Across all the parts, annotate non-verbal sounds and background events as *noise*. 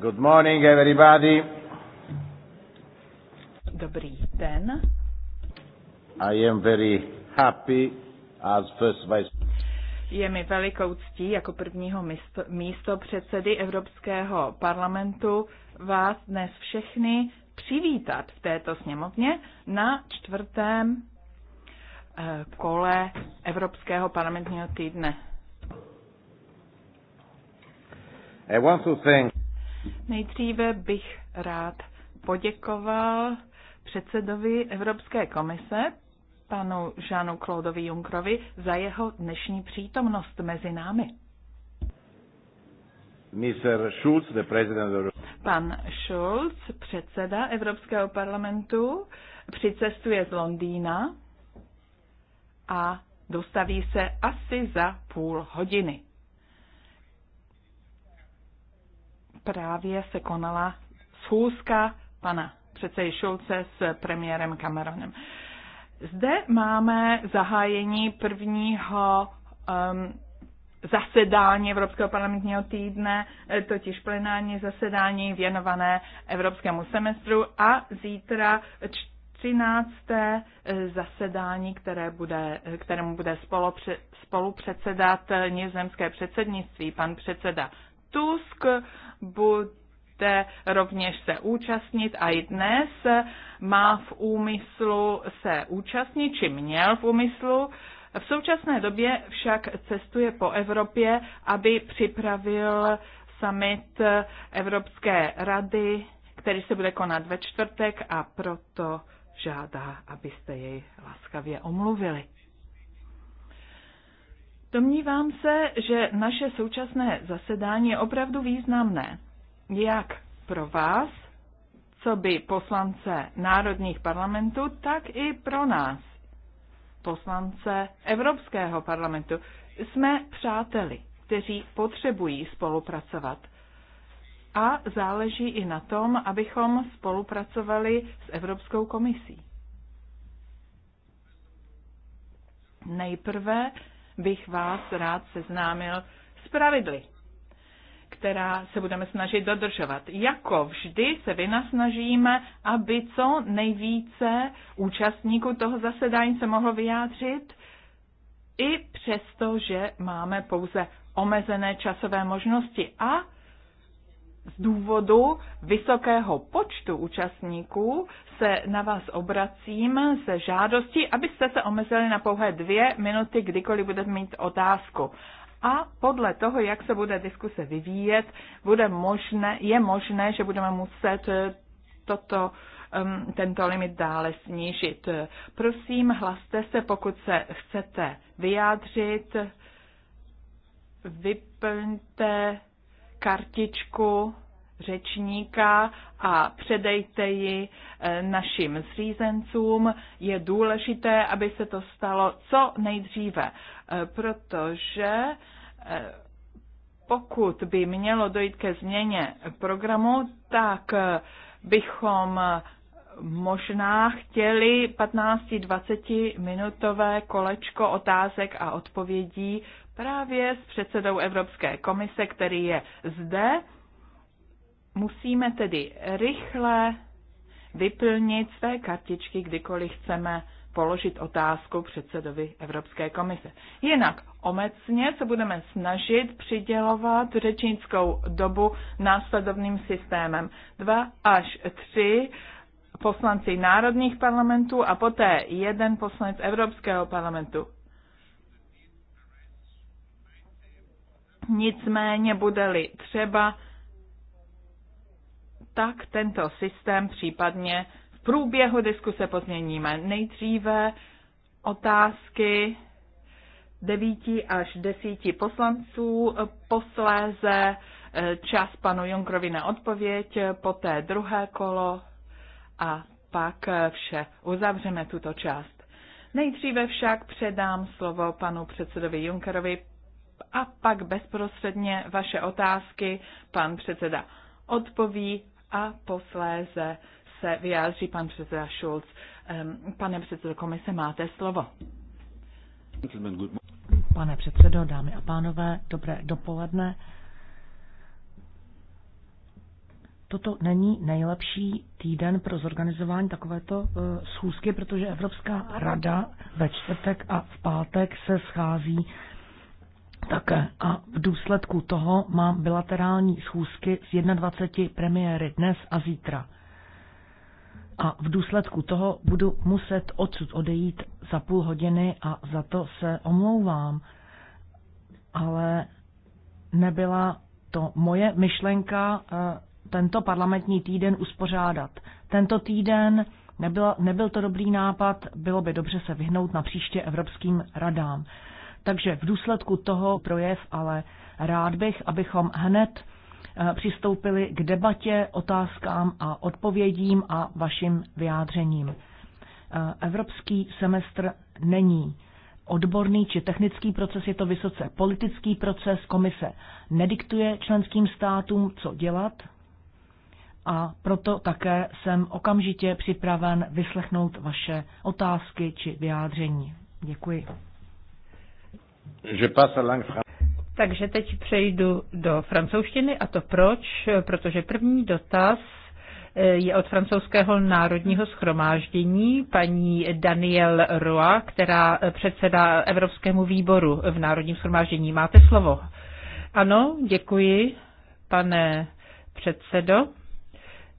Good morning, everybody. Dobrý den. I am very happy as first vice je mi velikou ctí jako prvního místo, místo předsedy Evropského parlamentu vás dnes všechny přivítat v této sněmovně na čtvrtém eh, kole Evropského parlamentního týdne. I want to thank Nejdříve bych rád poděkoval předsedovi Evropské komise, panu Žánu Klaudovi Junkrovi, za jeho dnešní přítomnost mezi námi. Mr. Schulz, the president of... Pan Schulz, předseda Evropského parlamentu, přicestuje z Londýna a dostaví se asi za půl hodiny. právě se konala schůzka pana předsedy Šulce s premiérem Cameronem. Zde máme zahájení prvního um, zasedání Evropského parlamentního týdne, eh, totiž plenární zasedání věnované Evropskému semestru a zítra 13. Eh, zasedání, které bude, eh, kterému bude spolupředsedat nizozemské předsednictví, pan předseda Tusk bude rovněž se účastnit a i dnes má v úmyslu se účastnit, či měl v úmyslu. V současné době však cestuje po Evropě, aby připravil summit Evropské rady, který se bude konat ve čtvrtek a proto žádá, abyste jej laskavě omluvili. Domnívám se, že naše současné zasedání je opravdu významné. Jak pro vás, co by poslance národních parlamentů, tak i pro nás, poslance Evropského parlamentu. Jsme přáteli, kteří potřebují spolupracovat. A záleží i na tom, abychom spolupracovali s Evropskou komisí. Nejprve bych vás rád seznámil s pravidly, která se budeme snažit dodržovat. Jako vždy se vynasnažíme, aby co nejvíce účastníků toho zasedání se mohlo vyjádřit, i přesto, že máme pouze omezené časové možnosti a z důvodu vysokého počtu účastníků se na vás obracím se žádostí, abyste se omezili na pouhé dvě minuty, kdykoliv budete mít otázku. A podle toho, jak se bude diskuse vyvíjet, bude možné, je možné, že budeme muset eh, toto, tento limit dále snížit. Prosím, hlaste se, pokud se chcete vyjádřit, vyplňte kartičku řečníka a předejte ji e, našim zřízencům. Je důležité, aby se to stalo co nejdříve, e, protože e, pokud by mělo dojít ke změně programu, tak bychom možná chtěli 15-20 minutové kolečko otázek a odpovědí právě s předsedou Evropské komise, který je zde. Musíme tedy rychle vyplnit své kartičky, kdykoliv chceme položit otázku předsedovi Evropské komise. Jinak omecně se budeme snažit přidělovat řečnickou dobu následovným systémem. Dva až tři poslanci národních parlamentů a poté jeden poslanec Evropského parlamentu. Nicméně bude-li třeba, tak tento systém případně v průběhu diskuse pozměníme. Nejdříve otázky devíti až desíti poslanců, posléze e, čas panu Junkrovi na odpověď, poté druhé kolo a pak vše. Uzavřeme tuto část. Nejdříve však předám slovo panu předsedovi Junkerovi a pak bezprostředně vaše otázky pan předseda odpoví a posléze se vyjádří pan předseda Schulz. Pane předsedo komise, máte slovo. Pane předsedo, dámy a pánové, dobré dopoledne. Toto není nejlepší týden pro zorganizování takovéto eh, schůzky, protože Evropská rada ve čtvrtek a v pátek se schází také. A v důsledku toho mám bilaterální schůzky s 21 premiéry dnes a zítra. A v důsledku toho budu muset odsud odejít za půl hodiny a za to se omlouvám. Ale nebyla to moje myšlenka eh, tento parlamentní týden uspořádat. Tento týden nebyla, nebyl to dobrý nápad, bylo by dobře se vyhnout na příště evropským radám. Takže v důsledku toho projev, ale rád bych, abychom hned eh, přistoupili k debatě, otázkám a odpovědím a vašim vyjádřením. Eh, evropský semestr není odborný či technický proces, je to vysoce politický proces. Komise nediktuje členským státům, co dělat, a proto také jsem okamžitě připraven vyslechnout vaše otázky či vyjádření. Děkuji. Je passe à langue Takže teď přejdu do francouzštiny a to proč? Protože první dotaz eh, je od francouzského národního schromáždění paní Daniel Roa, která eh, předsedá Evropskému výboru v národním schromáždění. Máte slovo. Ano, děkuji, pane předsedo.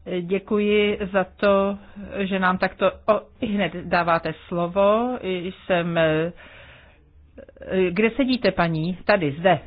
Eh, děkuji za to, že nám takto o, hned dáváte slovo. Jsem kde sedíte, paní? Tady, zde.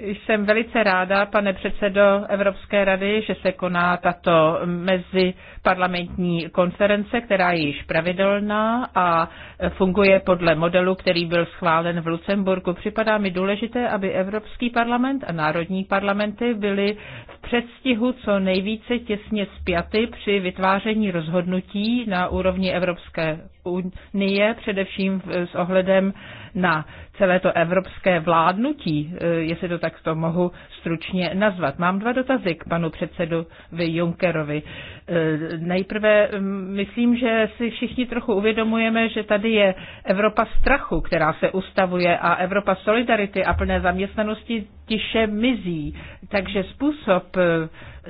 Jsem velice ráda, pane předsedo Evropské rady, že se koná tato meziparlamentní konference, která je již pravidelná a funguje podle modelu, který byl schválen v Lucemburku. Připadá mi důležité, aby Evropský parlament a národní parlamenty byly v předstihu co nejvíce těsně spjaty při vytváření rozhodnutí na úrovni Evropské unie, především s ohledem na celé to evropské vládnutí, eh, jestli to takto mohu stručně nazvat. Mám dva dotazy k panu předsedovi Junckerovi. Eh, nejprve mm, myslím, že si všichni trochu uvědomujeme, že tady je Evropa strachu, která se ustavuje a Evropa solidarity a plné zaměstnanosti tiše mizí. Takže způsob eh,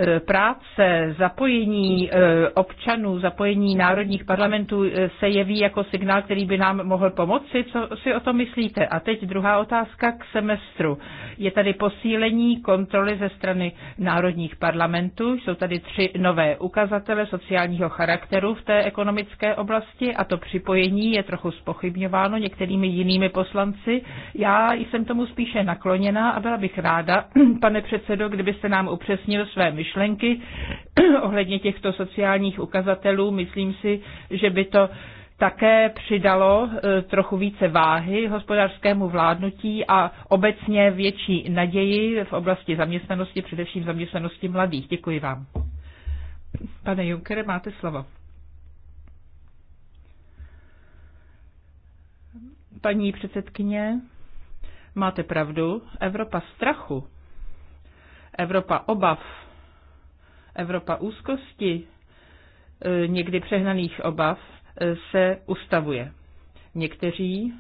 E, práce, zapojení e, občanů, zapojení národních parlamentů e, se jeví jako signál, který by nám mohl pomoci? Co si o tom myslíte? A teď druhá otázka k semestru. Je tady posílení kontroly ze strany národních parlamentů. Jsou tady tři nové ukazatele sociálního charakteru v té ekonomické oblasti a to připojení je trochu spochybňováno některými jinými poslanci. Já jsem tomu spíše nakloněná a byla bych ráda, *clears throat* pane předsedo, kdybyste nám upřesnil své myšlenky myšlenky *clears throat* ohledně těchto sociálních ukazatelů. Myslím si, že by to také přidalo eh, trochu více váhy hospodářskému vládnutí a obecně větší naději v oblasti zaměstnanosti, především zaměstnanosti mladých. Děkuji vám. Pane Junkere, máte slovo. Paní předsedkyně, máte pravdu. Evropa strachu, Evropa obav, Evropa úzkosti, e, někdy přehnaných obav, e, se ustavuje. Někteří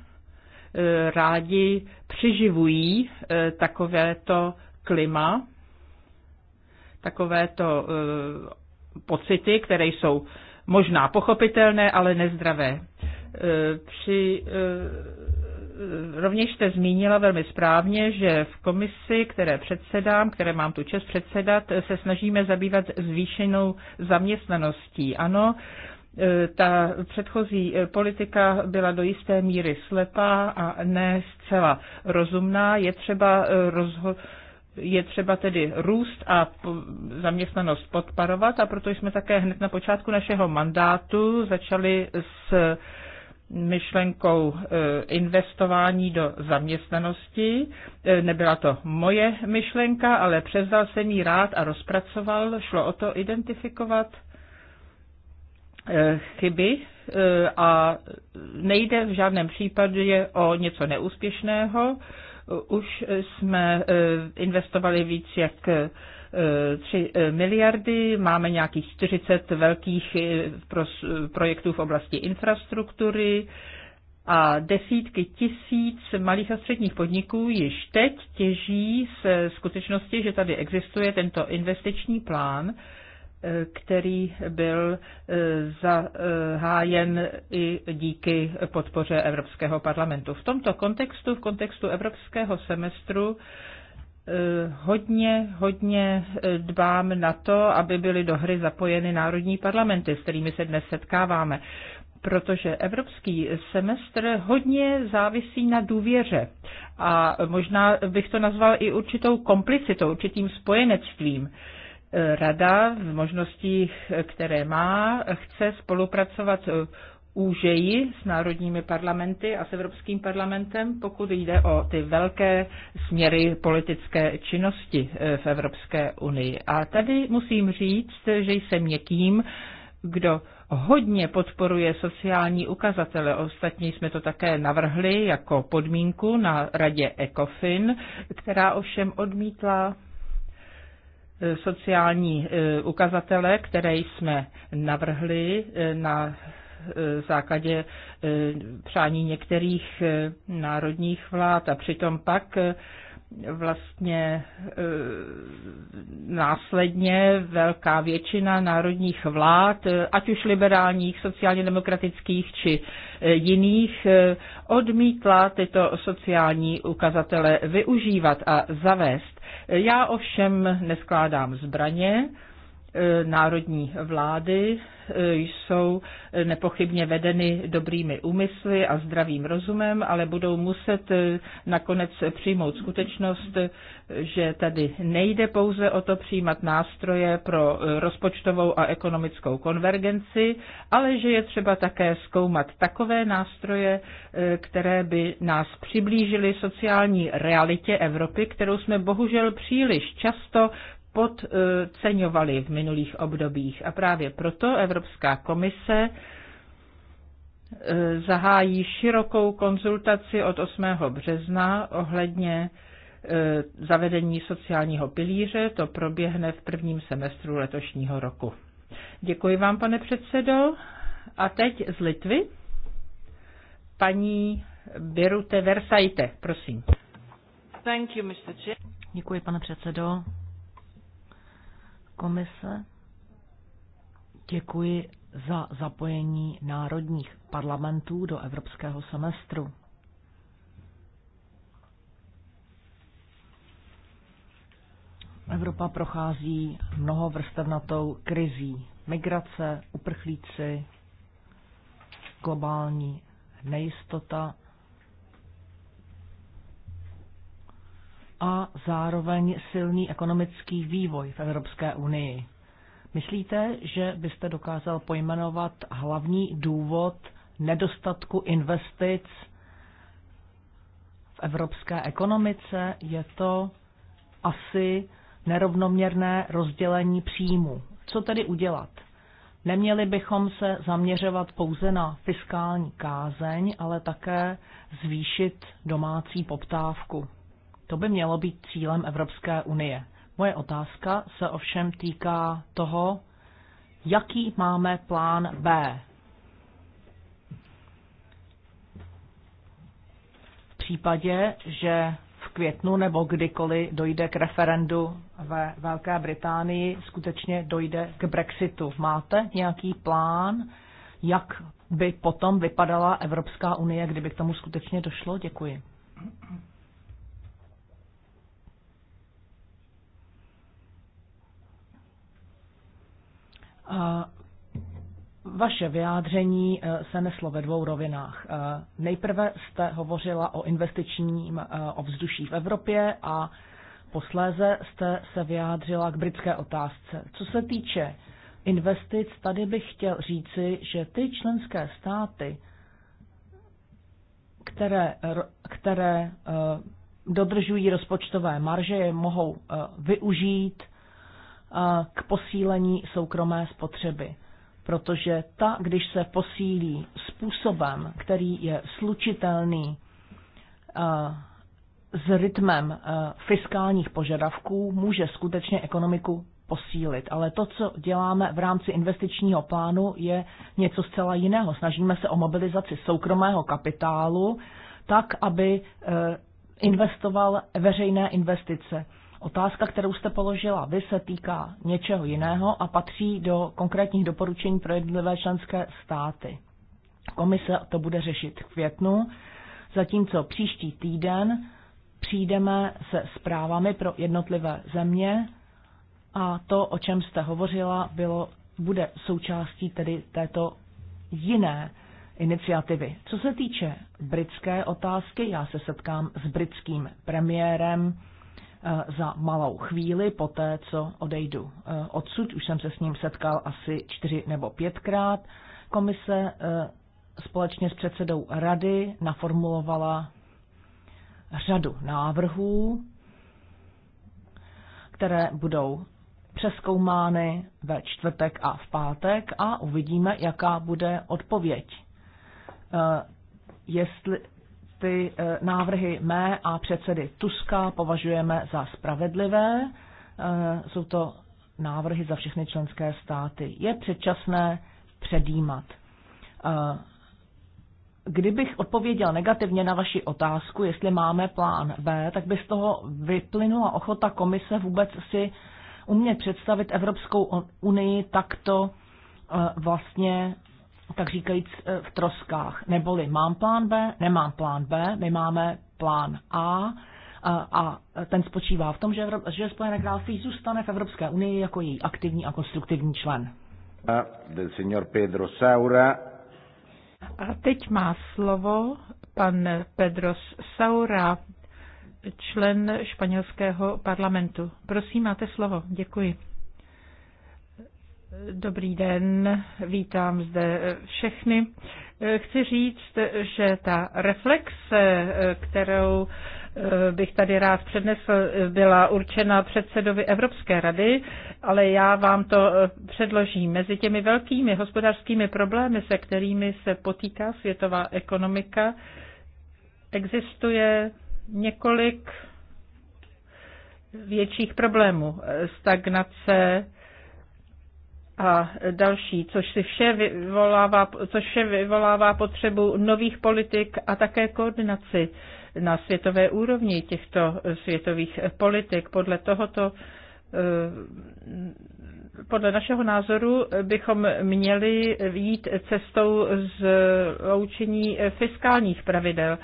e, rádi přiživují takovéto klima, takovéto pocity, které jsou možná pochopitelné, ale nezdravé. Při Eh, rovněž jste zmínila velmi správně, že v komisi, které předsedám, které mám tu čest předsedat, se snažíme zabývat zvýšenou zaměstnaností. Ano, eh, ta předchozí eh, politika byla do jisté míry slepá a ne zcela rozumná. Je třeba rozho- je třeba tedy růst a zaměstnanost podparovat a proto jsme také hned na počátku našeho mandátu začali s myšlenkou e, investování do zaměstnanosti. E, nebyla to moje myšlenka, ale převzal jsem ji rád a rozpracoval. Šlo o to identifikovat e, chyby a nejde v žádném případě o něco neúspěšného. Už jsme investovali víc jak 3 eh, miliardy, máme nějakých 40 velkých eh, projektů v oblasti infrastruktury a desítky tisíc malých a středních podniků již teď těží z skutečnosti, že tady existuje tento investiční plán, eh, který byl zahájen i díky podpoře Evropského parlamentu. V tomto kontextu, v kontextu Evropského semestru, Eh, hodně, hodně eh, dbám na to, aby byly do hry zapojeny národní parlamenty, s kterými se dnes setkáváme, protože evropský semestr hodně závisí na důvěře a možná bych to nazval i určitou komplicitou, určitým spojenectvím. Eh, rada v možnostích, které má, chce spolupracovat úžeji s národními parlamenty a s Evropským parlamentem, pokud jde o ty velké směry politické činnosti eh, v Evropské unii. A tady musím říct, že jsem někým, kdo hodně podporuje sociální ukazatele. Ostatně jsme to také navrhli jako podmínku na radě ECOFIN, která ovšem odmítla eh, sociální eh, ukazatele, které jsme navrhli na Eh, základě eh, přání některých eh, národních vlád a přitom pak vlastně následně velká většina národních vlád, ať už liberálních, sociálně demokratických či jiných, odmítla tyto sociální ukazatele využívat a zavést. Já ovšem neskládám zbraně, E, národní vlády e, jsou nepochybně vedeny dobrými úmysly a zdravým rozumem, ale budou muset e, nakonec přijmout skutečnost, že tady nejde pouze o to přijímat nástroje pro rozpočtovou a ekonomickou konvergenci, ale že je třeba také zkoumat takové nástroje, které by nás přiblížily sociální realitě Evropy, kterou jsme bohužel příliš často podceňovali v minulých obdobích. A právě proto Evropská komise eh, zahájí širokou konzultaci od 8. března ohledně eh, zavedení sociálního pilíře. To proběhne v prvním semestru letošního roku. Děkuji vám, pane předsedo. A teď z Litvy paní Birute Versajte, prosím. Thank you, Mr. Děkuji, pane předsedo komise. Děkuji za zapojení národních parlamentů do evropského semestru. Evropa prochází mnoho vrstevnatou krizí. Migrace, uprchlíci, globální nejistota a zároveň silný ekonomický vývoj v Evropské unii. Myslíte, že byste dokázal pojmenovat hlavní důvod nedostatku investic v evropské ekonomice? Je to asi nerovnoměrné rozdělení příjmu. Co tedy udělat? Neměli bychom se zaměřovat pouze na fiskální kázeň, ale také zvýšit domácí poptávku. To by mělo být cílem Evropské unie. Moje otázka se ovšem týká toho, jaký máme plán B. V případě, že v květnu nebo kdykoliv dojde k referendu ve Velké Británii, skutečně dojde k Brexitu. Máte nějaký plán, jak by potom vypadala Evropská unie, kdyby k tomu skutečně došlo? Děkuji. Vaše vyjádření eh, se neslo ve dvou rovinách. Eh, nejprve jste hovořila o investičním eh, ovzduší v Evropě a posléze jste se vyjádřila k britské otázce. Co se týče investic, tady bych chtěl říci, že ty členské státy, které, které dodržují rozpočtové marže, je mohou využít k posílení soukromé spotřeby. Protože ta, když se posílí způsobem, který je slučitelný s rytmem fiskálních požadavků, může skutečně ekonomiku posílit. Ale to, co děláme v rámci investičního plánu, je něco zcela jiného. Snažíme se o mobilizaci soukromého kapitálu, tak, aby e, investoval veřejné investice. Otázka, kterou jste položila vy, se týká něčeho jiného a patří do konkrétních doporučení pro jednotlivé členské státy. Komise to bude řešit v květnu, zatímco příští týden přijdeme se zprávami pro jednotlivé země a to, o čem jste hovořila, bylo, bude součástí tedy této jiné iniciativy. Co se týče britské otázky, já se setkám s britským premiérem Eh, za malou chvíli po té, co odejdu eh, odsud. Už jsem se s ním setkal asi čtyři nebo pětkrát. Komise eh, společně s předsedou rady naformulovala řadu návrhů, které budou přeskoumány ve čtvrtek a v pátek a uvidíme, jaká bude odpověď. Jestli ty eh, návrhy mé a předsedy Tuska považujeme za spravedlivé. Eh, jsou to návrhy za všechny členské státy. Je předčasné předjímat. Eh, kdybych odpověděl negativně na vaši otázku, jestli máme plán B, tak by z toho vyplynula ochota komise vůbec si umět představit Evropskou unii takto vlastně tak říkajíc eh, v troskách. Neboli mám plán B, nemám plán B, my máme plán A, a, a ten spočívá v tom, že, Evrop, že Spojené království zůstane v Evropské unii jako její aktivní a konstruktivní člen. A, del señor Pedro Saura. a teď má slovo pan Pedro Saura, člen španělského parlamentu. Prosím, máte slovo. Děkuji. Dobrý den, vítám zde všechny. Chci říct, že ta reflexe, kterou bych tady rád přednesl, byla určena předsedovi Evropské rady, ale já vám to předložím. Mezi těmi velkými hospodářskými problémy, se kterými se potýká světová ekonomika, existuje několik větších problémů. Stagnace, a další, což, si vše vyvolává, což vše vyvolává potřebu nových politik a také koordinaci na světové úrovni těchto světových politik. Podle tohoto eh, podle našeho názoru bychom měli jít cestou loučení fiskálních pravidel.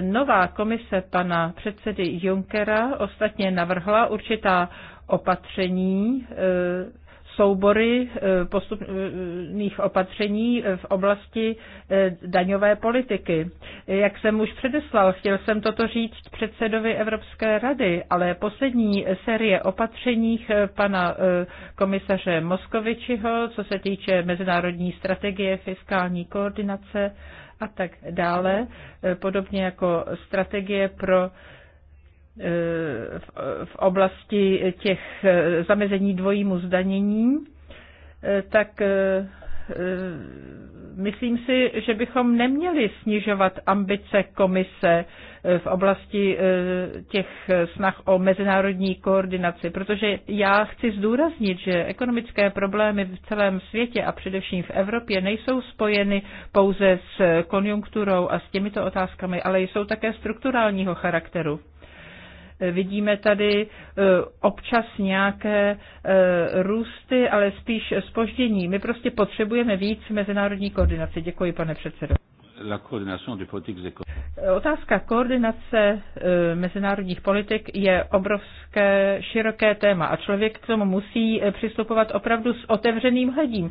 Nová komise pana předsedy Junckera ostatně navrhla určitá opatření eh, soubory eh, postupných opatření eh, v oblasti eh, daňové politiky. Jak jsem už předeslal, chtěl jsem toto říct předsedovi Evropské rady, ale poslední série opatřeních pana komisaře Moskovičiho, co se týče mezinárodní strategie fiskální koordinace a tak dále, podobně jako strategie pro v oblasti těch eh, zamezení dvojímu zdanění, eh, tak eh, myslím si, že bychom neměli snižovat ambice komise v oblasti těch snah o mezinárodní koordinaci, protože já chci zdůraznit, že ekonomické problémy v celém světě a především v Evropě nejsou spojeny pouze s konjunkturou a s těmito otázkami, ale jsou také strukturálního charakteru. Vidíme tady e, občas nějaké e, růsty, ale spíš spoždění. My prostě potřebujeme víc mezinárodní koordinace. Děkuji, pane předsedo. Otázka koordinace e, mezinárodních politik je obrovské, široké téma a člověk k tomu musí přistupovat opravdu s otevřeným hledím.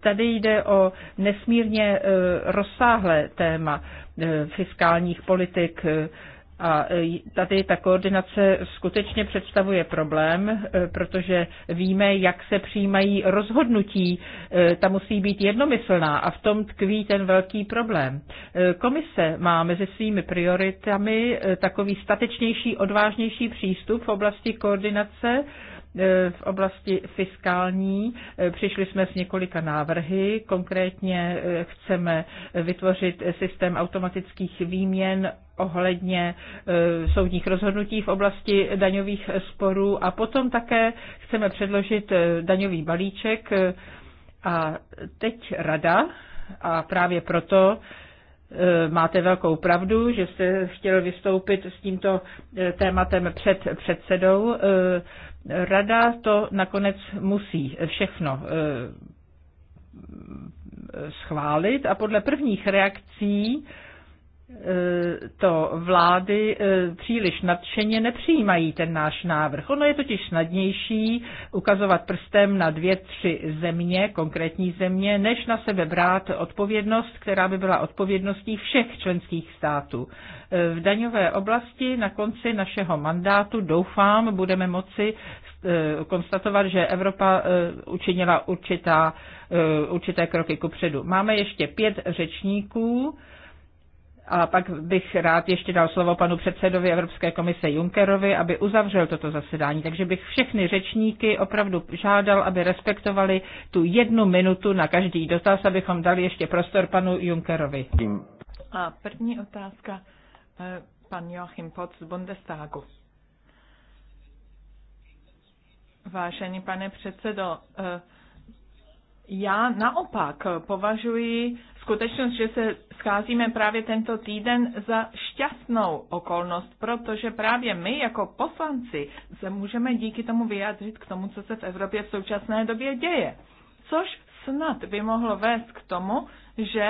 Tady jde o nesmírně rozsáhlé téma fiskálních politik, a e, tady ta koordinace skutečně představuje problém, e, protože víme, jak se přijímají rozhodnutí. E, ta musí být jednomyslná a v tom tkví ten velký problém. Komise má mezi svými prioritami takový statečnější, odvážnější přístup v oblasti koordinace E, v oblasti fiskální. E, přišli jsme s několika návrhy. Konkrétně e, chceme vytvořit systém automatických výměn ohledně soudních rozhodnutí v oblasti daňových sporů a potom také chceme předložit daňový balíček a teď rada a právě proto máte velkou pravdu, že jste chtěl vystoupit s tímto tématem před předsedou Rada to nakonec musí všechno eh, eh, schválit a podle prvních reakcí Eh, to vlády eh, příliš nadšeně nepřijímají ten náš návrh. Ono je totiž snadnější ukazovat prstem na dvě, tři země, konkrétní země, než na sebe brát odpovědnost, která by byla odpovědností všech členských států. Eh, v daňové oblasti na konci našeho mandátu doufám, budeme moci konstatovat, že Evropa učinila určitá, určité kroky kupředu. Máme ještě pět řečníků, a pak bych rád ještě dal slovo panu předsedovi Evropské komise Junckerovi, aby uzavřel toto zasedání. Takže bych všechny řečníky opravdu žádal, aby respektovali tu jednu minutu na každý dotaz, abychom dali ještě prostor panu Junckerovi. A první otázka, eh, pan Joachim Pot z Bundestagu. Vážený pane předsedo, eh, já naopak považuji skutečnost, že se scházíme právě tento týden za šťastnou okolnost, protože právě my jako poslanci se můžeme díky tomu vyjádřit k tomu, co se v Evropě v současné době děje. Což snad by mohlo vést k tomu, že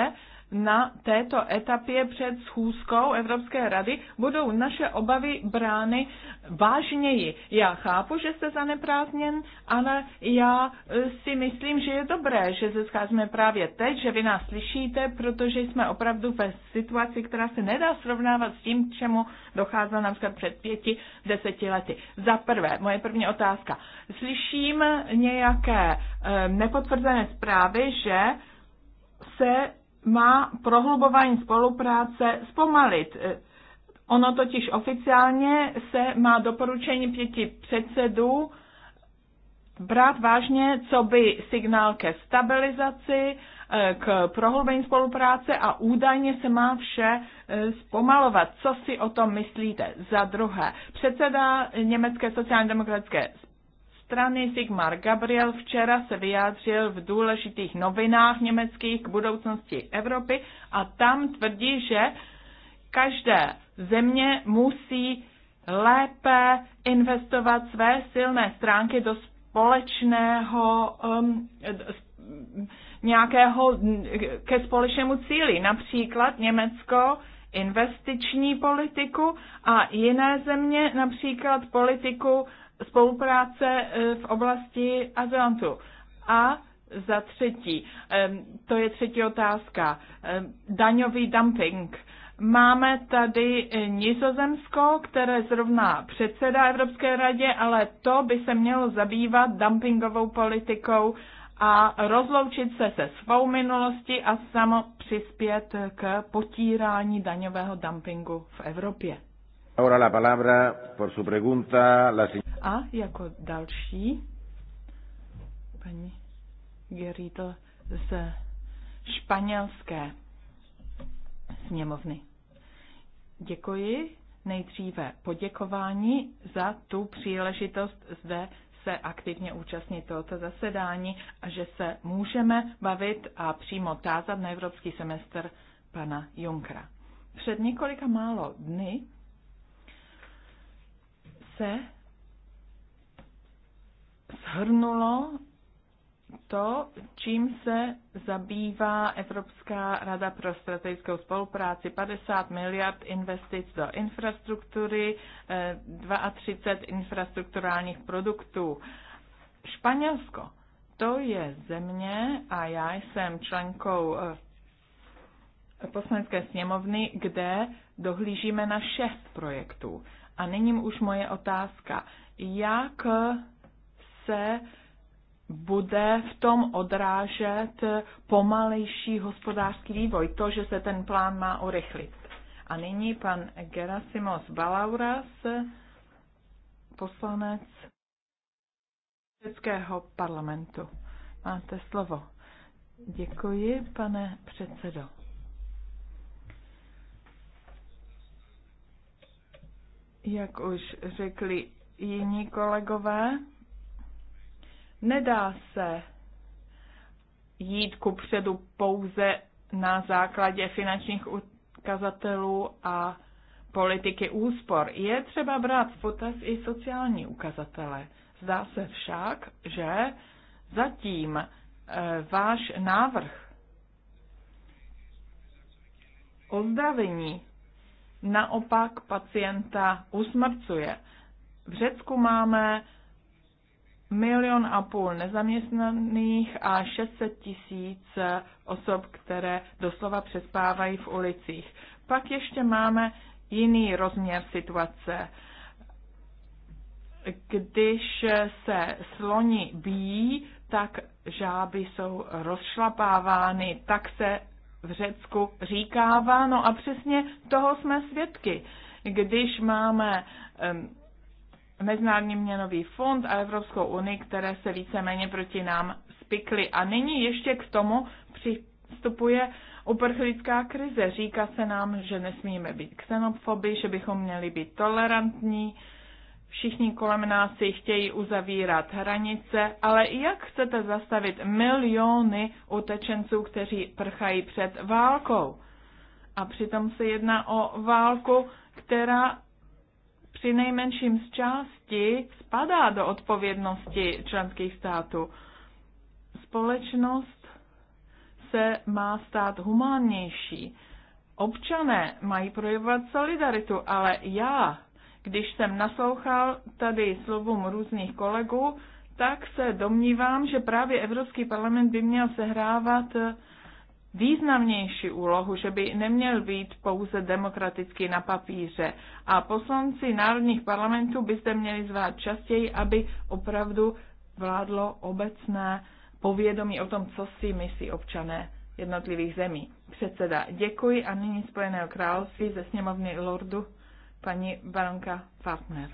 na této etapě před schůzkou Evropské rady budou naše obavy brány vážněji. Já chápu, že jste zaneprázdněn, ale já eh, si myslím, že je dobré, že se scházíme právě teď, že vy nás slyšíte, protože jsme opravdu ve situaci, která se nedá srovnávat s tím, k čemu docházelo například před pěti, deseti lety. Za prvé, moje první otázka. Slyším nějaké eh, nepotvrzené zprávy, že se má prohlubování spolupráce zpomalit. Eh, ono totiž oficiálně se má doporučení pěti předsedů brát vážně, co by signál ke stabilizaci, eh, k prohloubení spolupráce a údajně se má vše eh, zpomalovat. Co si o tom myslíte? Za druhé, předseda Německé sociálně demokratické strany Sigmar Gabriel včera se vyjádřil v důležitých novinách německých k budoucnosti Evropy a tam tvrdí, že každé země musí lépe investovat své silné stránky do společného um, nějakého mm, ke společnému cíli. Například Německo investiční politiku a jiné země například politiku spolupráce eh, v oblasti azylantu. A za třetí, to je třetí otázka, daňový dumping. Máme tady eh, Nizozemsko, které zrovna předsedá Evropské radě, ale to by se mělo zabývat dumpingovou politikou a rozloučit se se svou minulostí a samo přispět k potírání daňového dumpingu v Evropě. Ahora la palabra por su pregunta la a jako další paní Gerito z španělské sněmovny. Děkuji nejdříve poděkování za tu příležitost zde se aktivně účastnit tohoto zasedání a že se můžeme bavit a přímo tázat na evropský semestr pana Junkra. Před několika málo dny se shrnulo to, čím se zabývá Evropská rada pro strategickou spolupráci. 50 miliard investic do infrastruktury, 32 eh, infrastrukturálních produktů. Španělsko, to je země a já jsem členkou eh, poslanecké sněmovny, kde dohlížíme na šest projektů. A nyní už moje otázka. Jak se bude v tom odrážet pomalejší hospodářský vývoj, to, že se ten plán má urychlit. A nyní pan Gerasimos Balauras, poslanec Českého parlamentu. Máte slovo. Děkuji, pane předsedo. Jak už řekli jiní kolegové, Nedá se jít ku předu pouze na základě finančních ukazatelů a politiky úspor. Je třeba brát v potaz i sociální ukazatele. Zdá se však, že zatím e, váš návrh ozdravení naopak pacienta usmrcuje. V Řecku máme milion a půl nezaměstnaných a 600 tisíc osob, které doslova přespávají v ulicích. Pak ještě máme jiný rozměr situace. Když se sloni bíjí, tak žáby jsou rozšlapávány, tak se v Řecku říkává, no a přesně toho jsme svědky. Když máme um, Mezinárodní měnový fond a Evropskou unii, které se víceméně proti nám spikly. A nyní ještě k tomu přistupuje uprchlická krize. Říká se nám, že nesmíme být xenofoby, že bychom měli být tolerantní, všichni kolem nás si chtějí uzavírat hranice, ale jak chcete zastavit miliony utečenců, kteří prchají před válkou? A přitom se jedná o válku, která při nejmenším z části spadá do odpovědnosti členských států. Společnost se má stát humánnější. Občané mají projevovat solidaritu, ale já, když jsem naslouchal tady slovům různých kolegů, tak se domnívám, že právě Evropský parlament by měl sehrávat významnější úlohu, že by neměl být pouze demokraticky na papíře. A poslanci národních parlamentů by měli zvát častěji, aby opravdu vládlo obecné povědomí o tom, co si myslí občané jednotlivých zemí. Předseda, děkuji a nyní Spojeného království ze sněmovny Lordu paní baronka Partner.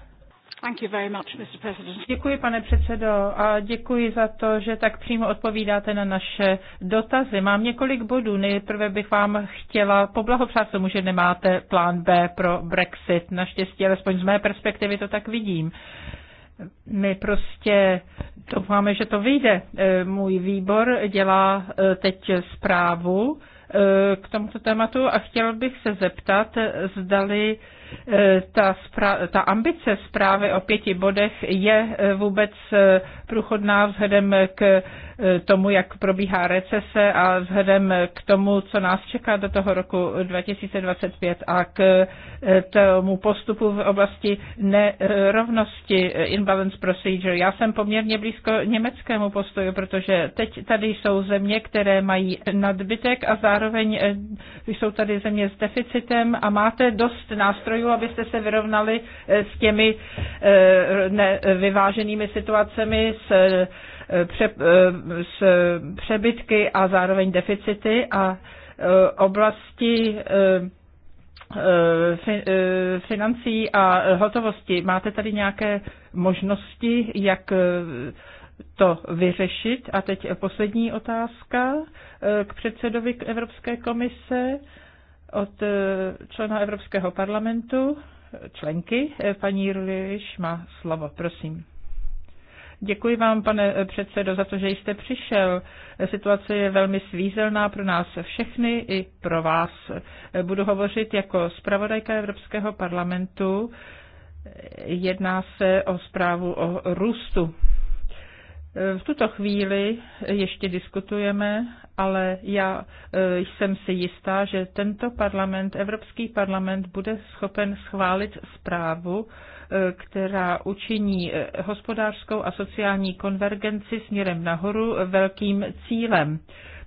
Děkuji, pane předsedo, a děkuji za to, že tak přímo odpovídáte na naše dotazy. Mám několik bodů. Nejprve bych vám chtěla poblahopřát tomu, že nemáte plán B pro Brexit. Naštěstí, alespoň z mé perspektivy to tak vidím. My prostě doufáme, že to vyjde. E, můj výbor dělá e, teď zprávu e, k tomuto tématu a chtěl bych se zeptat, zdali Eh, ta, ta ambice zprávy o pěti bodech je eh, vůbec eh, průchodná vzhledem k tomu, jak probíhá recese a vzhledem k tomu, co nás čeká do toho roku 2025 a k tomu postupu v oblasti nerovnosti imbalance procedure. Já jsem poměrně blízko německému postoju, protože teď tady jsou země, které mají nadbytek a zároveň jsou tady země s deficitem a máte dost nástrojů zdrojů, abyste se vyrovnali eh, s těmi eh, vyváženými situacemi, s, eh, pře, s přebytky a zároveň deficity a oblasti financí a hotovosti. Máte tady nějaké možnosti, jak to vyřešit? A teď poslední otázka k předsedovi Evropské komise od eh, člena Evropského parlamentu, členky, eh, paní Ruliš má slovo, prosím. Děkuji vám, pane eh, předsedo, za to, že jste přišel. Situace je velmi svízelná pro nás všechny i pro vás. Budu hovořit jako zpravodajka Evropského parlamentu. Jedná se o zprávu o růstu. V tuto chvíli ještě diskutujeme ale já e, jsem si jistá, že tento parlament, Evropský parlament, bude schopen schválit zprávu, e, která učiní e, hospodářskou a sociální konvergenci směrem nahoru velkým cílem.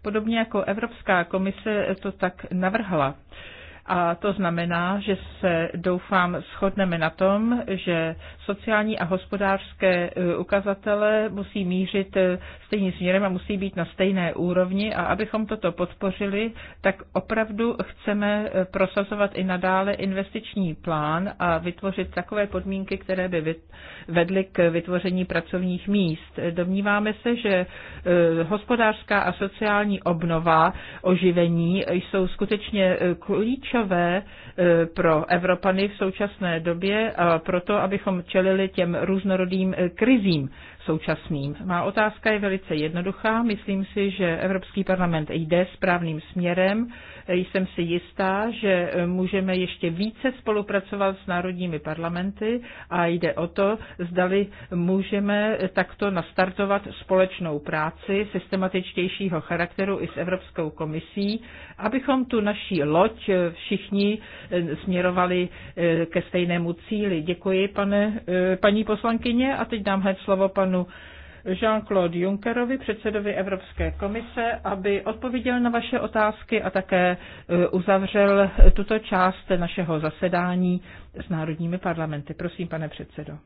Podobně jako Evropská komise to tak navrhla. A to znamená, že se doufám shodneme na tom, že sociální a hospodářské e, ukazatele musí mířit e, stejným směrem a musí být na stejné úrovni a abychom toto podpořili, tak opravdu chceme e, prosazovat i nadále investiční plán a vytvořit takové podmínky, které by vedly k vytvoření pracovních míst. Domníváme se, že hospodářská a sociální obnova, oživení jsou skutečně klíčové klíčové e, pro Evropany v současné době a proto, abychom čelili těm různorodým e, krizím současným. Má otázka je velice jednoduchá. Myslím si, že Evropský parlament jde správným směrem jsem si jistá, že eh, můžeme ještě více spolupracovat s národními parlamenty a jde o to, zdali můžeme eh, takto nastartovat společnou práci systematičtějšího charakteru i s Evropskou komisí, abychom tu naší loď eh, všichni směrovali ke stejnému cíli. Děkuji, pane, paní poslankyně, a teď dám hned slovo panu Jean-Claude Junckerovi, předsedovi Evropské komise, aby odpověděl na vaše otázky a také e, uzavřel tuto část našeho zasedání s národními parlamenty. Prosím, pane předsedo.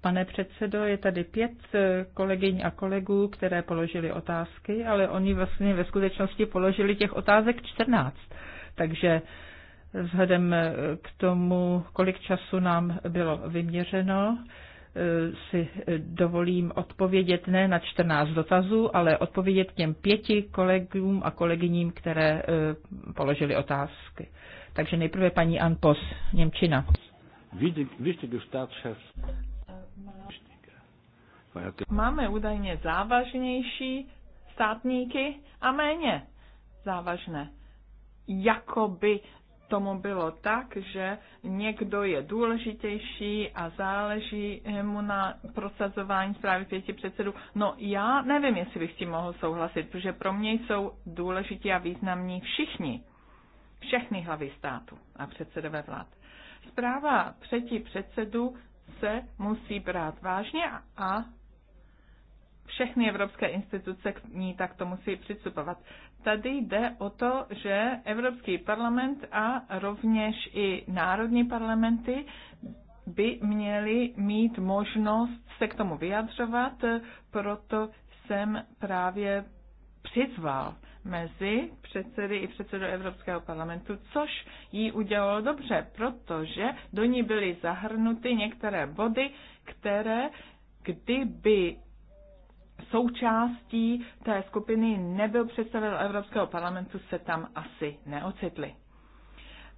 Pane předsedo, je tady pět e, kolegyň a kolegů, které položili otázky, ale oni vlastně ve skutečnosti položili těch otázek 14. Takže vzhledem k tomu, kolik času nám bylo vyměřeno, si dovolím odpovědět ne na 14 dotazů, ale odpovědět těm pěti kolegům a kolegyním, které eh, položili otázky. Takže nejprve paní Anpos, Němčina. Máme údajně závažnější státníky a méně závažné. Jakoby tomu bylo tak, že někdo je důležitější a záleží mu na prosazování zprávy pěti předsedů. No já nevím, jestli bych s tím mohl souhlasit, protože pro mě jsou důležití a významní všichni. Všechny hlavy státu a předsedové vlád. Zpráva třetí předsedu se musí brát vážně a všechny evropské instituce k ní takto musí přistupovat. Tady jde o to, že Evropský parlament a rovněž i národní parlamenty by měli mít možnost se k tomu vyjadřovat, proto jsem právě přizval mezi předsedy i předsedu Evropského parlamentu, což jí udělalo dobře, protože do ní byly zahrnuty některé body, které kdyby součástí té skupiny nebyl představitel Evropského parlamentu, se tam asi neocitli.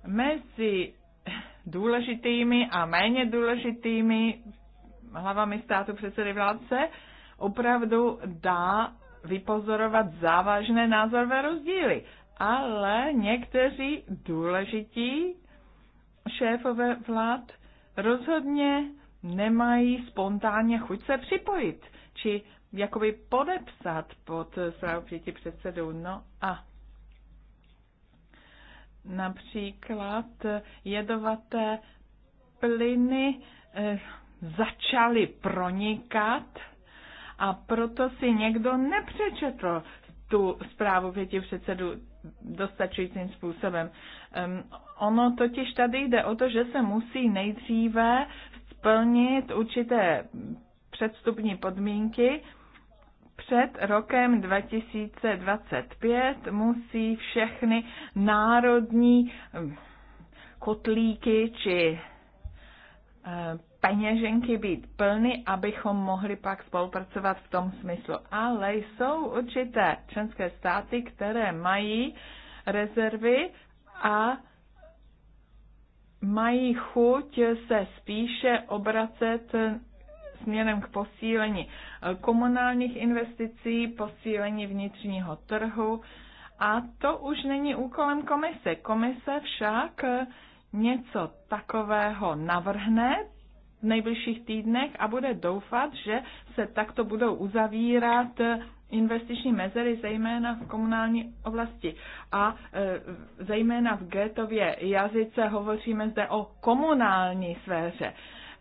Mezi důležitými a méně důležitými hlavami státu předsedy vládce opravdu dá vypozorovat závažné názorové rozdíly. Ale někteří důležití šéfové vlád rozhodně nemají spontánně chuť se připojit či jakoby podepsat pod svého pěti předsedů. No a například jedovaté plyny eh, začaly pronikat a proto si někdo nepřečetl tu zprávu pěti předsedů dostačujícím způsobem. Um, ono totiž tady jde o to, že se musí nejdříve splnit určité předstupní podmínky, před rokem 2025 musí všechny národní eh, kotlíky či eh, peněženky být plny, abychom mohli pak spolupracovat v tom smyslu. Ale jsou určité členské státy, které mají rezervy a mají chuť se spíše obracet směrem k posílení eh, komunálních investicí, posílení vnitřního trhu. A to už není úkolem komise. Komise však eh, něco takového navrhne v nejbližších týdnech a bude doufat, že se takto budou uzavírat eh, investiční mezery, zejména v komunální oblasti. A e, zejména v Gétově jazyce hovoříme zde o komunální sféře.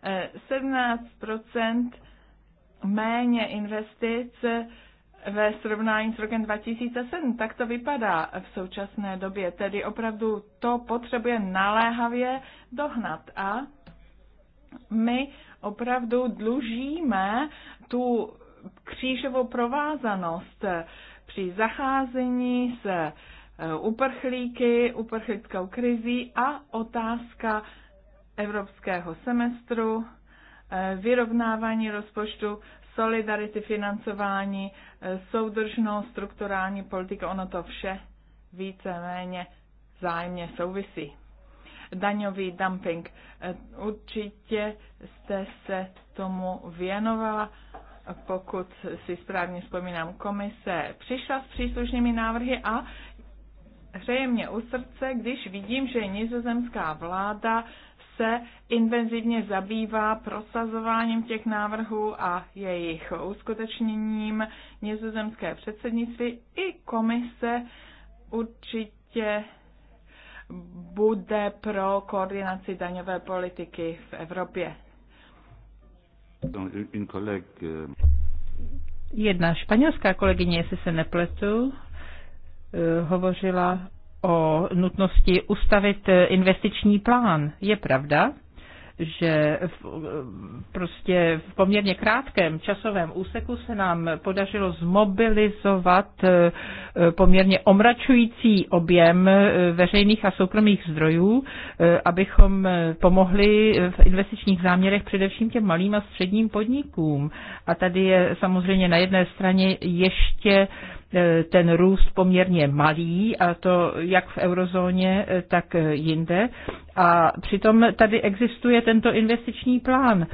17 eh, méně investic eh, ve srovnání s rokem 2007. Tak to vypadá v současné době. Tedy opravdu to potřebuje naléhavě dohnat. A my opravdu dlužíme tu křížovou provázanost eh, při zacházení se uprchlíky, uprchlickou krizí a otázka evropského semestru, eh, vyrovnávání rozpočtu, solidarity financování, eh, soudržnou strukturální politika, ono to vše víceméně zájemně souvisí. Daňový dumping. Eh, určitě jste se tomu věnovala, pokud si správně vzpomínám, komise přišla s příslušnými návrhy a hřeje mě u srdce, když vidím, že nizozemská vláda se intenzivně zabývá prosazováním těch návrhů a jejich uskutečněním nizozemské předsednictví i komise určitě bude pro koordinaci daňové politiky v Evropě. Euh, Jedna španělská kolegyně, jestli se nepletu, eh, hovořila o nutnosti ustavit eh, investiční plán. Je pravda, že v, eh, prostě v poměrně krátkém časovém úseku se nám podařilo zmobilizovat eh, poměrně omračující objem veřejných a soukromých zdrojů, abychom pomohli v investičních záměrech především těm malým a středním podnikům. A tady je samozřejmě na jedné straně ještě E, ten růst poměrně malý, a to jak v eurozóně, e, tak e, jinde. A přitom tady existuje tento investiční plán.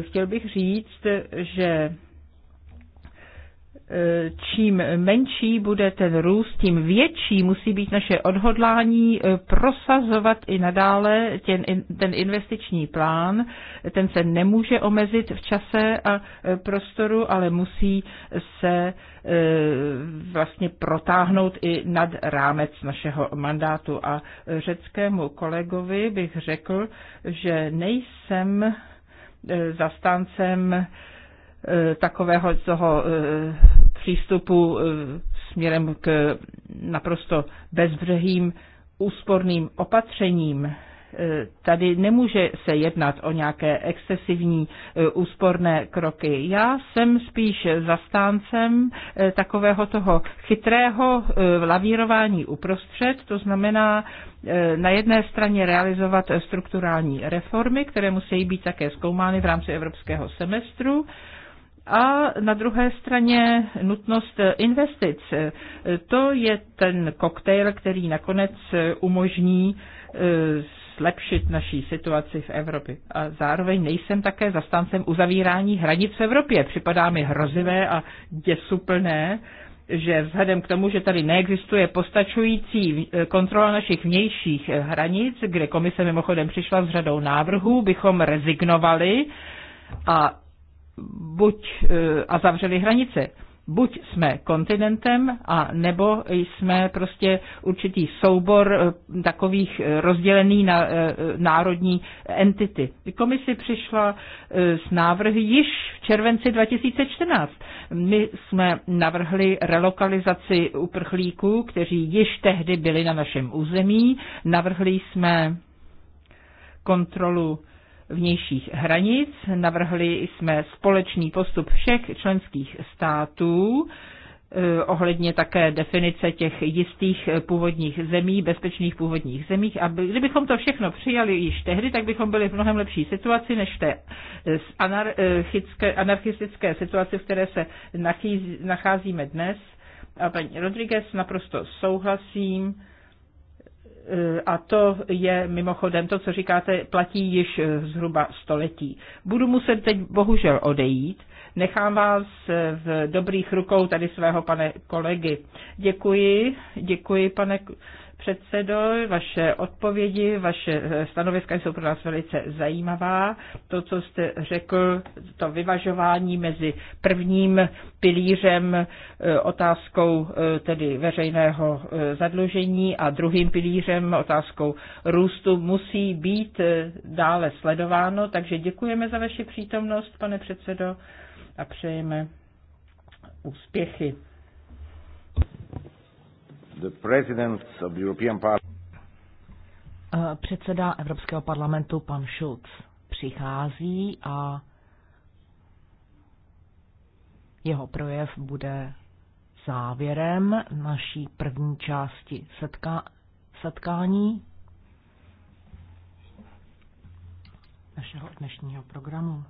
Chtěl bych říct, že čím menší bude ten růst, tím větší musí být naše odhodlání eh, prosazovat i nadále ten, ten investiční plán. Ten se nemůže omezit v čase a eh, prostoru, ale musí se eh, vlastně protáhnout i nad rámec našeho mandátu. A řeckému kolegovi bych řekl, že nejsem zastáncem Eh, takového toho eh, přístupu eh, směrem k naprosto bezbřehým úsporným opatřením. Tady nemůže se jednat o nějaké excesivní úsporné kroky. Já jsem spíš zastáncem takového toho chytrého lavírování uprostřed, to znamená na jedné straně realizovat strukturální reformy, které musí být také zkoumány v rámci evropského semestru, a na druhé straně nutnost investic. To je ten koktejl, který nakonec umožní e, zlepšit naší situaci v Evropě. A zároveň nejsem také zastáncem uzavírání hranic v Evropě. Připadá mi hrozivé a děsuplné, že vzhledem k tomu, že tady neexistuje postačující e, kontrola našich vnějších hranic, kde komise mimochodem přišla s řadou návrhů, bychom rezignovali a buď eh, a zavřeli hranice. Buď jsme kontinentem, a nebo jsme prostě určitý soubor eh, takových eh, rozdělený na národní entity. Komisi přišla s návrhy již v červenci 2014. My jsme navrhli relokalizaci uprchlíků, kteří již tehdy byli na našem území. Navrhli jsme kontrolu vnějších hranic. Navrhli jsme společný postup všech členských států eh, ohledně také definice těch jistých původních zemí, bezpečných původních zemích. A kdybychom to všechno přijali již tehdy, tak bychom byli v mnohem lepší situaci než v té eh, eh, anarchistické situaci, v které se nacházíme dnes. A paní Rodriguez, naprosto souhlasím Eh, a to je mimochodem to, co říkáte, platí již eh, zhruba století. Budu muset teď bohužel odejít. Nechám vás eh, v dobrých rukou tady svého pane kolegy. Děkuji, děkuji pane předsedo, vaše odpovědi, vaše eh, stanoviska jsou pro nás velice zajímavá. To, co jste řekl, to vyvažování mezi prvním pilířem, eh, otázkou eh, tedy veřejného zadlužení a druhým pilířem, otázkou růstu, musí být dále sledováno. Takže děkujeme za vaši přítomnost, pane předsedo, a přejeme úspěchy. Eh, předseda Evropského parlamentu pan Schulz přichází a jeho projev bude závěrem naší první části setka- setkání našeho dnešního programu.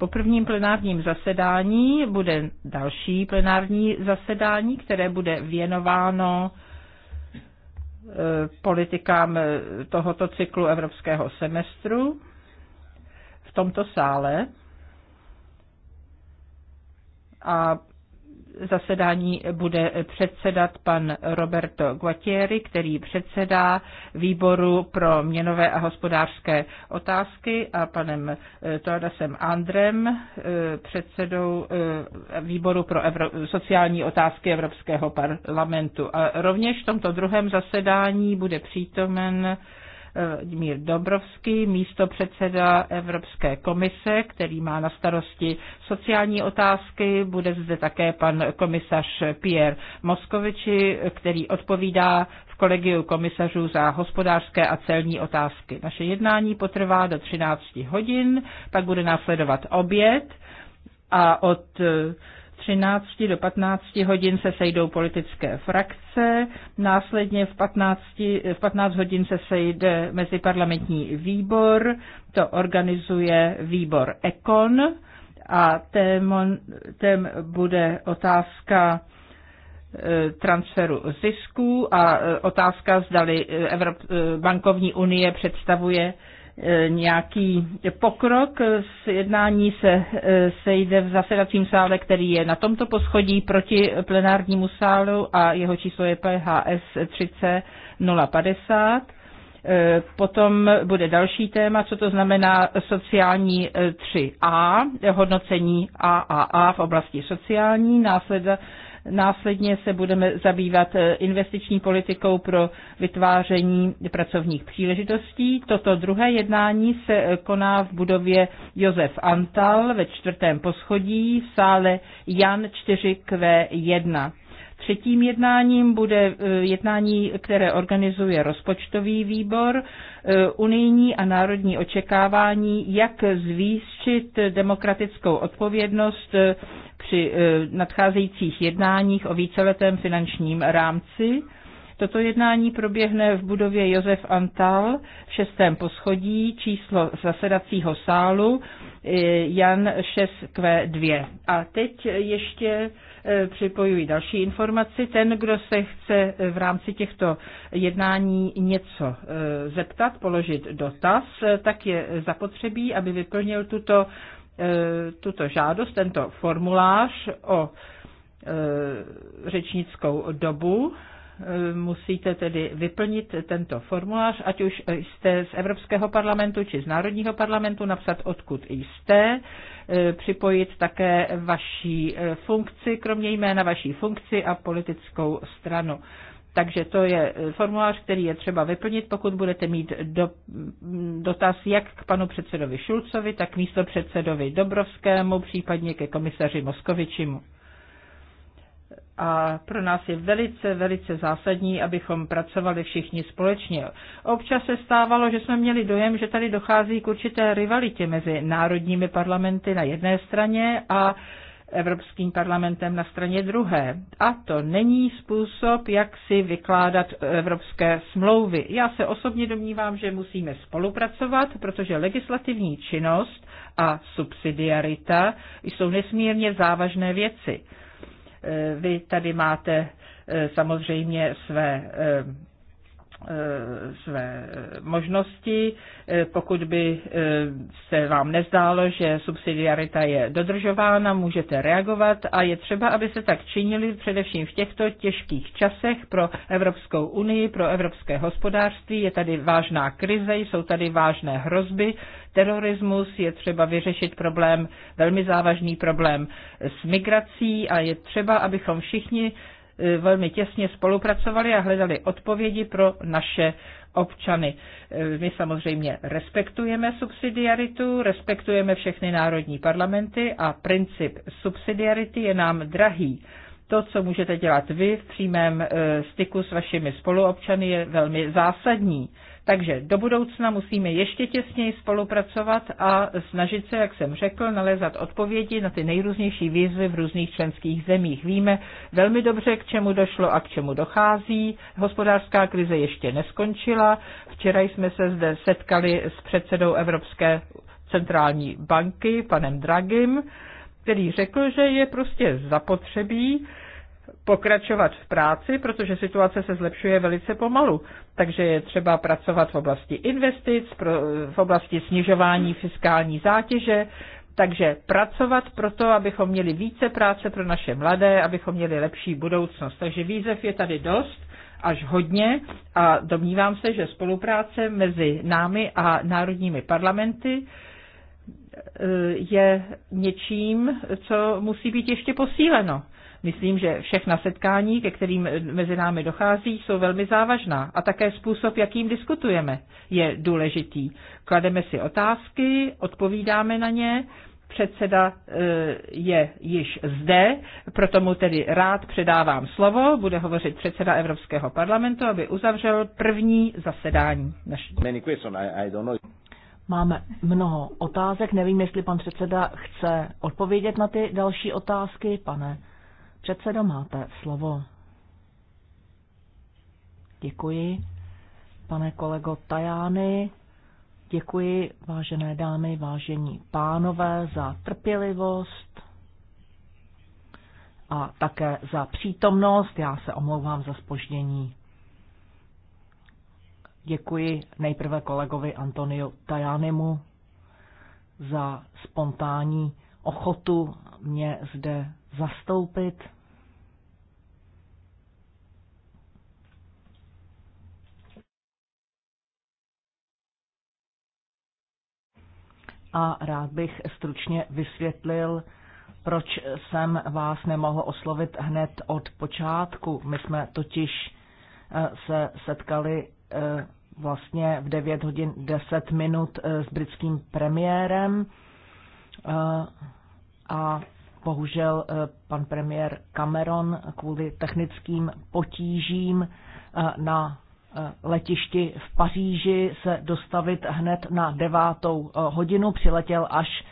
Po prvním plenárním zasedání bude další plenární zasedání, které bude věnováno eh, politikám eh, tohoto cyklu evropského semestru v tomto sále. A zasedání bude předsedat pan Roberto Guattieri, který předsedá výboru pro měnové a hospodářské otázky a panem eh, Toadasem Andrem, eh, předsedou eh, výboru pro Evro- sociální otázky Evropského parlamentu. A rovněž v tomto druhém zasedání bude přítomen Dmír eh, Dobrovský, místo předseda Evropské komise, který má na starosti sociální otázky. Bude zde také pan komisař Pierre Moskoviči, který odpovídá v kolegiu komisařů za hospodářské a celní otázky. Naše jednání potrvá do 13 hodin, pak bude následovat oběd a od eh, 13 do 15 hodin se sejdou politické frakce, následně v 15, v 15 hodin se sejde meziparlamentní výbor, to organizuje výbor ECON a tém, tém bude otázka e, transferu zisků a e, otázka, zdali e, Evrop, bankovní unie představuje E, nějaký pokrok. s Jednání se e, sejde v zasedacím sále, který je na tomto poschodí proti plenárnímu sálu a jeho číslo je PHS 30050. 050. Potom bude další téma, co to znamená sociální 3A, e, hodnocení AAA v oblasti sociální. Následuje Následně se budeme zabývat eh, investiční politikou pro vytváření pracovních příležitostí. Toto druhé jednání se eh, koná v budově Josef Antal ve čtvrtém poschodí v sále Jan 4Q1. Třetím jednáním bude eh, jednání, které organizuje rozpočtový výbor, unijní a národní očekávání, jak zvýšit demokratickou odpovědnost při eh, nadcházejících jednáních o víceletém finančním rámci. Toto jednání proběhne v budově Josef Antal v šestém poschodí číslo zasedacího sálu eh, Jan 6Q2. A teď ještě eh, připojuji další informaci. Ten, kdo se chce v rámci těchto jednání něco zeptat, položit dotaz, tak je zapotřebí, aby vyplnil tuto E, tuto žádost, tento formulář o e, řečnickou dobu. E, musíte tedy vyplnit tento formulář, ať už jste z Evropského parlamentu či z Národního parlamentu, napsat, odkud jste, připojit také vaší funkci, kromě jména vaší funkci a politickou stranu. Takže to je eh, formulář, který je třeba vyplnit, pokud budete mít do, mm, dotaz jak k panu předsedovi Šulcovi, tak místo předsedovi Dobrovskému, případně ke komisaři Moskovičimu. A pro nás je velice, velice zásadní, abychom pracovali všichni společně. Občas se stávalo, že jsme měli dojem, že tady dochází k určité rivalitě mezi národními parlamenty na jedné straně a Evropským parlamentem na straně druhé. A to není způsob, jak si vykládat evropské smlouvy. Já se osobně domnívám, že musíme spolupracovat, protože legislativní činnost a subsidiarita jsou nesmírně závažné věci. E, vy tady máte e, samozřejmě své e, Eh, své možnosti. Eh, pokud by eh, se vám nezdálo, že subsidiarita je dodržována, můžete reagovat a je třeba, aby se tak činili především v těchto těžkých časech pro Evropskou unii, pro evropské hospodářství. Je tady vážná krize, jsou tady vážné hrozby, terorismus, je třeba vyřešit problém, velmi závažný problém s migrací a je třeba, abychom všichni E, velmi těsně spolupracovali a hledali odpovědi pro naše občany. E, my samozřejmě respektujeme subsidiaritu, respektujeme všechny národní parlamenty a princip subsidiarity je nám drahý. To, co můžete dělat vy v přímém e, styku s vašimi spoluobčany, je velmi zásadní. Takže do budoucna musíme ještě těsněji spolupracovat a snažit se, jak jsem řekl, nalézat odpovědi na ty nejrůznější výzvy v různých členských zemích. Víme velmi dobře, k čemu došlo a k čemu dochází. Hospodářská krize ještě neskončila. Včera jsme se zde setkali s předsedou Evropské centrální banky, panem Dragim, který řekl, že je prostě zapotřebí pokračovat v práci, protože situace se zlepšuje velice pomalu. Takže je třeba pracovat v oblasti investic, v oblasti snižování fiskální zátěže, takže pracovat pro to, abychom měli více práce pro naše mladé, abychom měli lepší budoucnost. Takže výzev je tady dost, až hodně a domnívám se, že spolupráce mezi námi a národními parlamenty eh, je něčím, co musí být ještě posíleno. Myslím, že všechna setkání, ke kterým mezi námi dochází, jsou velmi závažná a také způsob, jakým diskutujeme, je důležitý. Klademe si otázky, odpovídáme na ně, předseda e, je již zde, proto mu tedy rád předávám slovo. Bude hovořit předseda Evropského parlamentu, aby uzavřel první zasedání. Naši. Máme mnoho otázek, nevím, jestli pan předseda chce odpovědět na ty další otázky, pane Předsedo, máte slovo. Děkuji, pane kolego Tajány. Děkuji, vážené dámy, vážení pánové, za trpělivost a také za přítomnost. Já se omlouvám za spoždění. Děkuji nejprve kolegovi Antoniu Tajánimu za spontánní ochotu mě zde zastoupit a rád bych stručně vysvětlil, proč jsem vás nemohl oslovit hned od počátku. My jsme totiž eh, se setkali eh, vlastně v 9 hodin 10 minut eh, s britským premiérem a Bohužel eh, pan premiér Cameron kvůli technickým potížím eh, na eh, letišti v Paříži se dostavit hned na devátou hodinu. Přiletěl až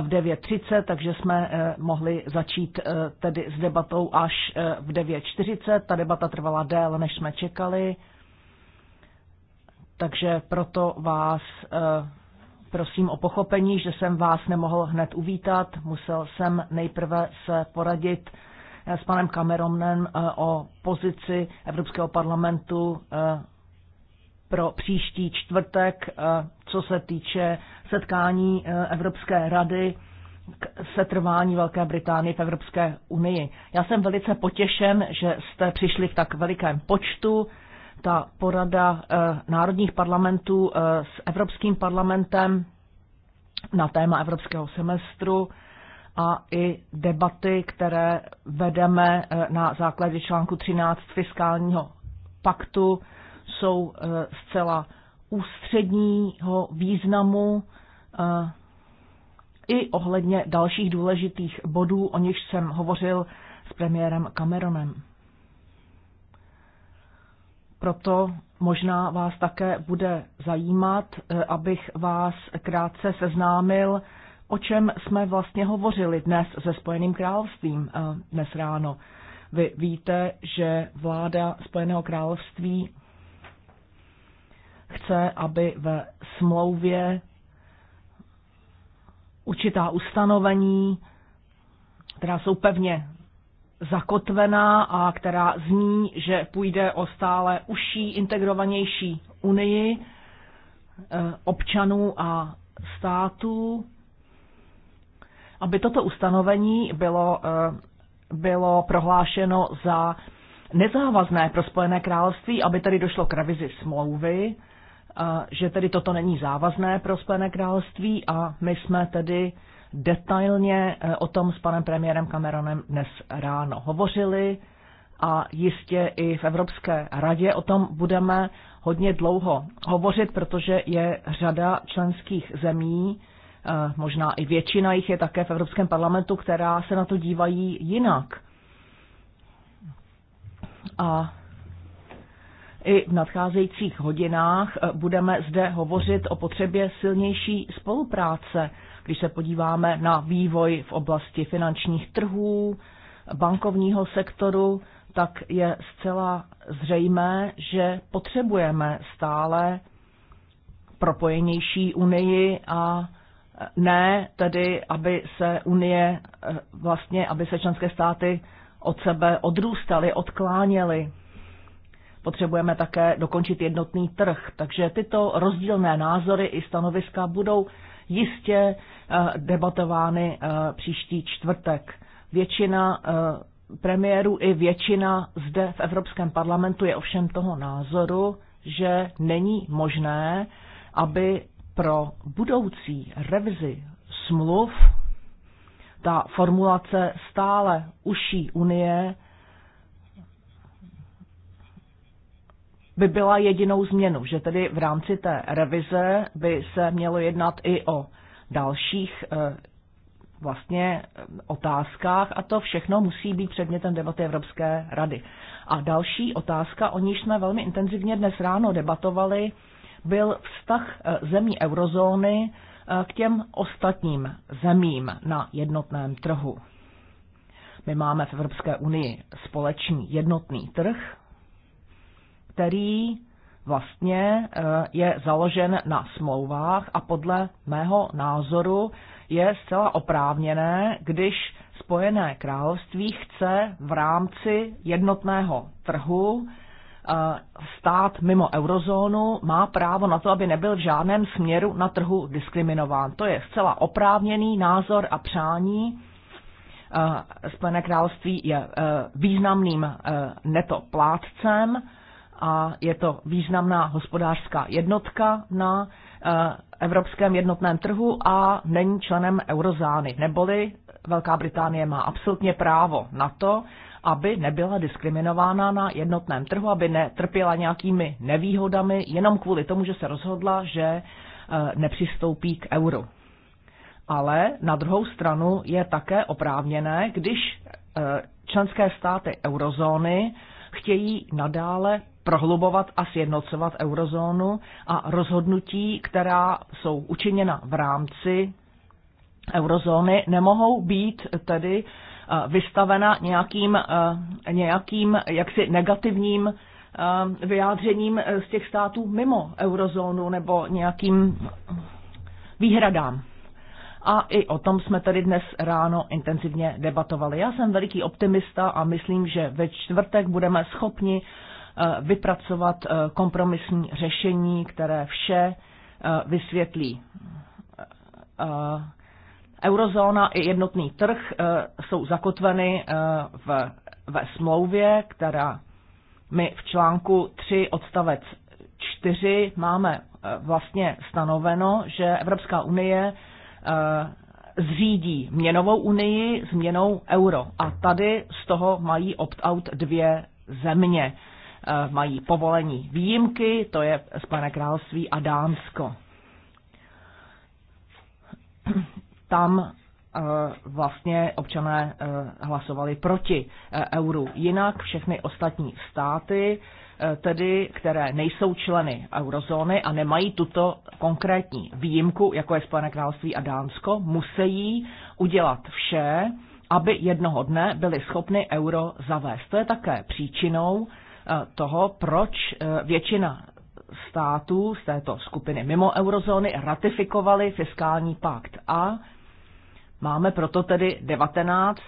v 9.30, takže jsme mohli začít tedy s debatou až v 9.40. Ta debata trvala déle, než jsme čekali. Takže proto vás Prosím o pochopení, že jsem vás nemohl hned uvítat. Musel jsem nejprve se poradit eh, s panem Cameronem eh, o pozici Evropského parlamentu eh, pro příští čtvrtek, co se týče setkání Evropské rady k setrvání Velké Británie v Evropské unii. Já jsem velice potěšen, že jste přišli v tak velikém počtu ta porada eh, národních parlamentů eh, s Evropským parlamentem na téma evropského semestru a i debaty, které vedeme eh, na základě článku 13 fiskálního paktu, jsou zcela ústředního významu i ohledně dalších důležitých bodů, o nichž jsem hovořil s premiérem Cameronem proto možná vás také bude zajímat, eh, abych vás krátce seznámil, o čem jsme vlastně hovořili dnes se Spojeným královstvím eh, dnes ráno. Vy víte, že vláda Spojeného království chce, aby ve smlouvě určitá ustanovení, která jsou pevně zakotvená a která zní, že půjde o stále užší, integrovanější unii eh, občanů a států, aby toto ustanovení bylo, eh, bylo prohlášeno za nezávazné pro Spojené království, aby tedy došlo k revizi smlouvy, eh, že tedy toto není závazné pro Spojené království a my jsme tedy detailně eh, o tom s panem premiérem Cameronem dnes ráno hovořili a jistě i v Evropské radě o tom budeme hodně dlouho hovořit, protože je řada členských zemí, eh, možná i většina jich je také v Evropském parlamentu, která se na to dívají jinak. A i v nadcházejících hodinách eh, budeme zde hovořit o potřebě silnější spolupráce když se podíváme na vývoj v oblasti finančních trhů, bankovního sektoru, tak je zcela zřejmé, že potřebujeme stále propojenější unii a ne tedy, aby se unie, eh, vlastně, aby se členské státy od sebe odrůstaly, odkláněly. Potřebujeme také dokončit jednotný trh, takže tyto rozdílné názory i stanoviska budou jistě eh, debatovány eh, příští čtvrtek. Většina eh, premiérů i většina zde v Evropském parlamentu je ovšem toho názoru, že není možné, aby pro budoucí revizi smluv ta formulace stále uší unie by byla jedinou změnu, že tedy v rámci té revize by se mělo jednat i o dalších eh, vlastně eh, otázkách a to všechno musí být předmětem debaty Evropské rady. A další otázka, o níž jsme velmi intenzivně dnes ráno debatovali, byl vztah eh, zemí eurozóny k těm ostatním zemím na jednotném trhu. My máme v Evropské unii společný jednotný trh, který vlastně eh, je založen na smlouvách a podle mého názoru je zcela oprávněné, když Spojené království chce v rámci jednotného trhu eh, stát mimo eurozónu má právo na to, aby nebyl v žádném směru na trhu diskriminován. To je zcela oprávněný názor a přání. Eh, Spojené království je významným netoplátcem a je to významná hospodářská jednotka na eh, evropském jednotném trhu a není členem eurozány. Neboli Velká Británie má absolutně právo na to, aby nebyla diskriminována na jednotném trhu, aby netrpěla nějakými nevýhodami jenom kvůli tomu, že se rozhodla, že eh, nepřistoupí k euru. Ale na druhou stranu je také oprávněné, když eh, členské státy eurozóny chtějí nadále prohlubovat a sjednocovat eurozónu a rozhodnutí, která jsou učiněna v rámci eurozóny, nemohou být tedy eh, vystavena nějakým, eh, nějakým jaksi negativním eh, vyjádřením z těch států mimo eurozónu nebo nějakým výhradám a i o tom jsme tady dnes ráno intenzivně debatovali. Já jsem veliký optimista a myslím, že ve čtvrtek budeme schopni eh, vypracovat eh, kompromisní řešení, které vše eh, vysvětlí. Eurozóna i jednotný trh jsou zakotveny v, ve smlouvě, která my v článku 3 odstavec 4 máme vlastně stanoveno, že Evropská unie Eh, zřídí měnovou unii s měnou euro. A tady z toho mají opt-out dvě země. Eh, mají povolení výjimky, to je Spojené království a Dánsko. *clears throat* Tam eh, vlastně občané hlasovali proti euru. Jinak všechny ostatní státy Eh, tedy které nejsou členy eurozóny a nemají tuto konkrétní výjimku, jako je Spojené království a Dánsko, musí udělat vše, aby jednoho dne byly schopny euro zavést. To je také příčinou eh, toho, proč eh, většina států z této skupiny mimo eurozóny ratifikovali fiskální pakt a Máme proto tedy 19,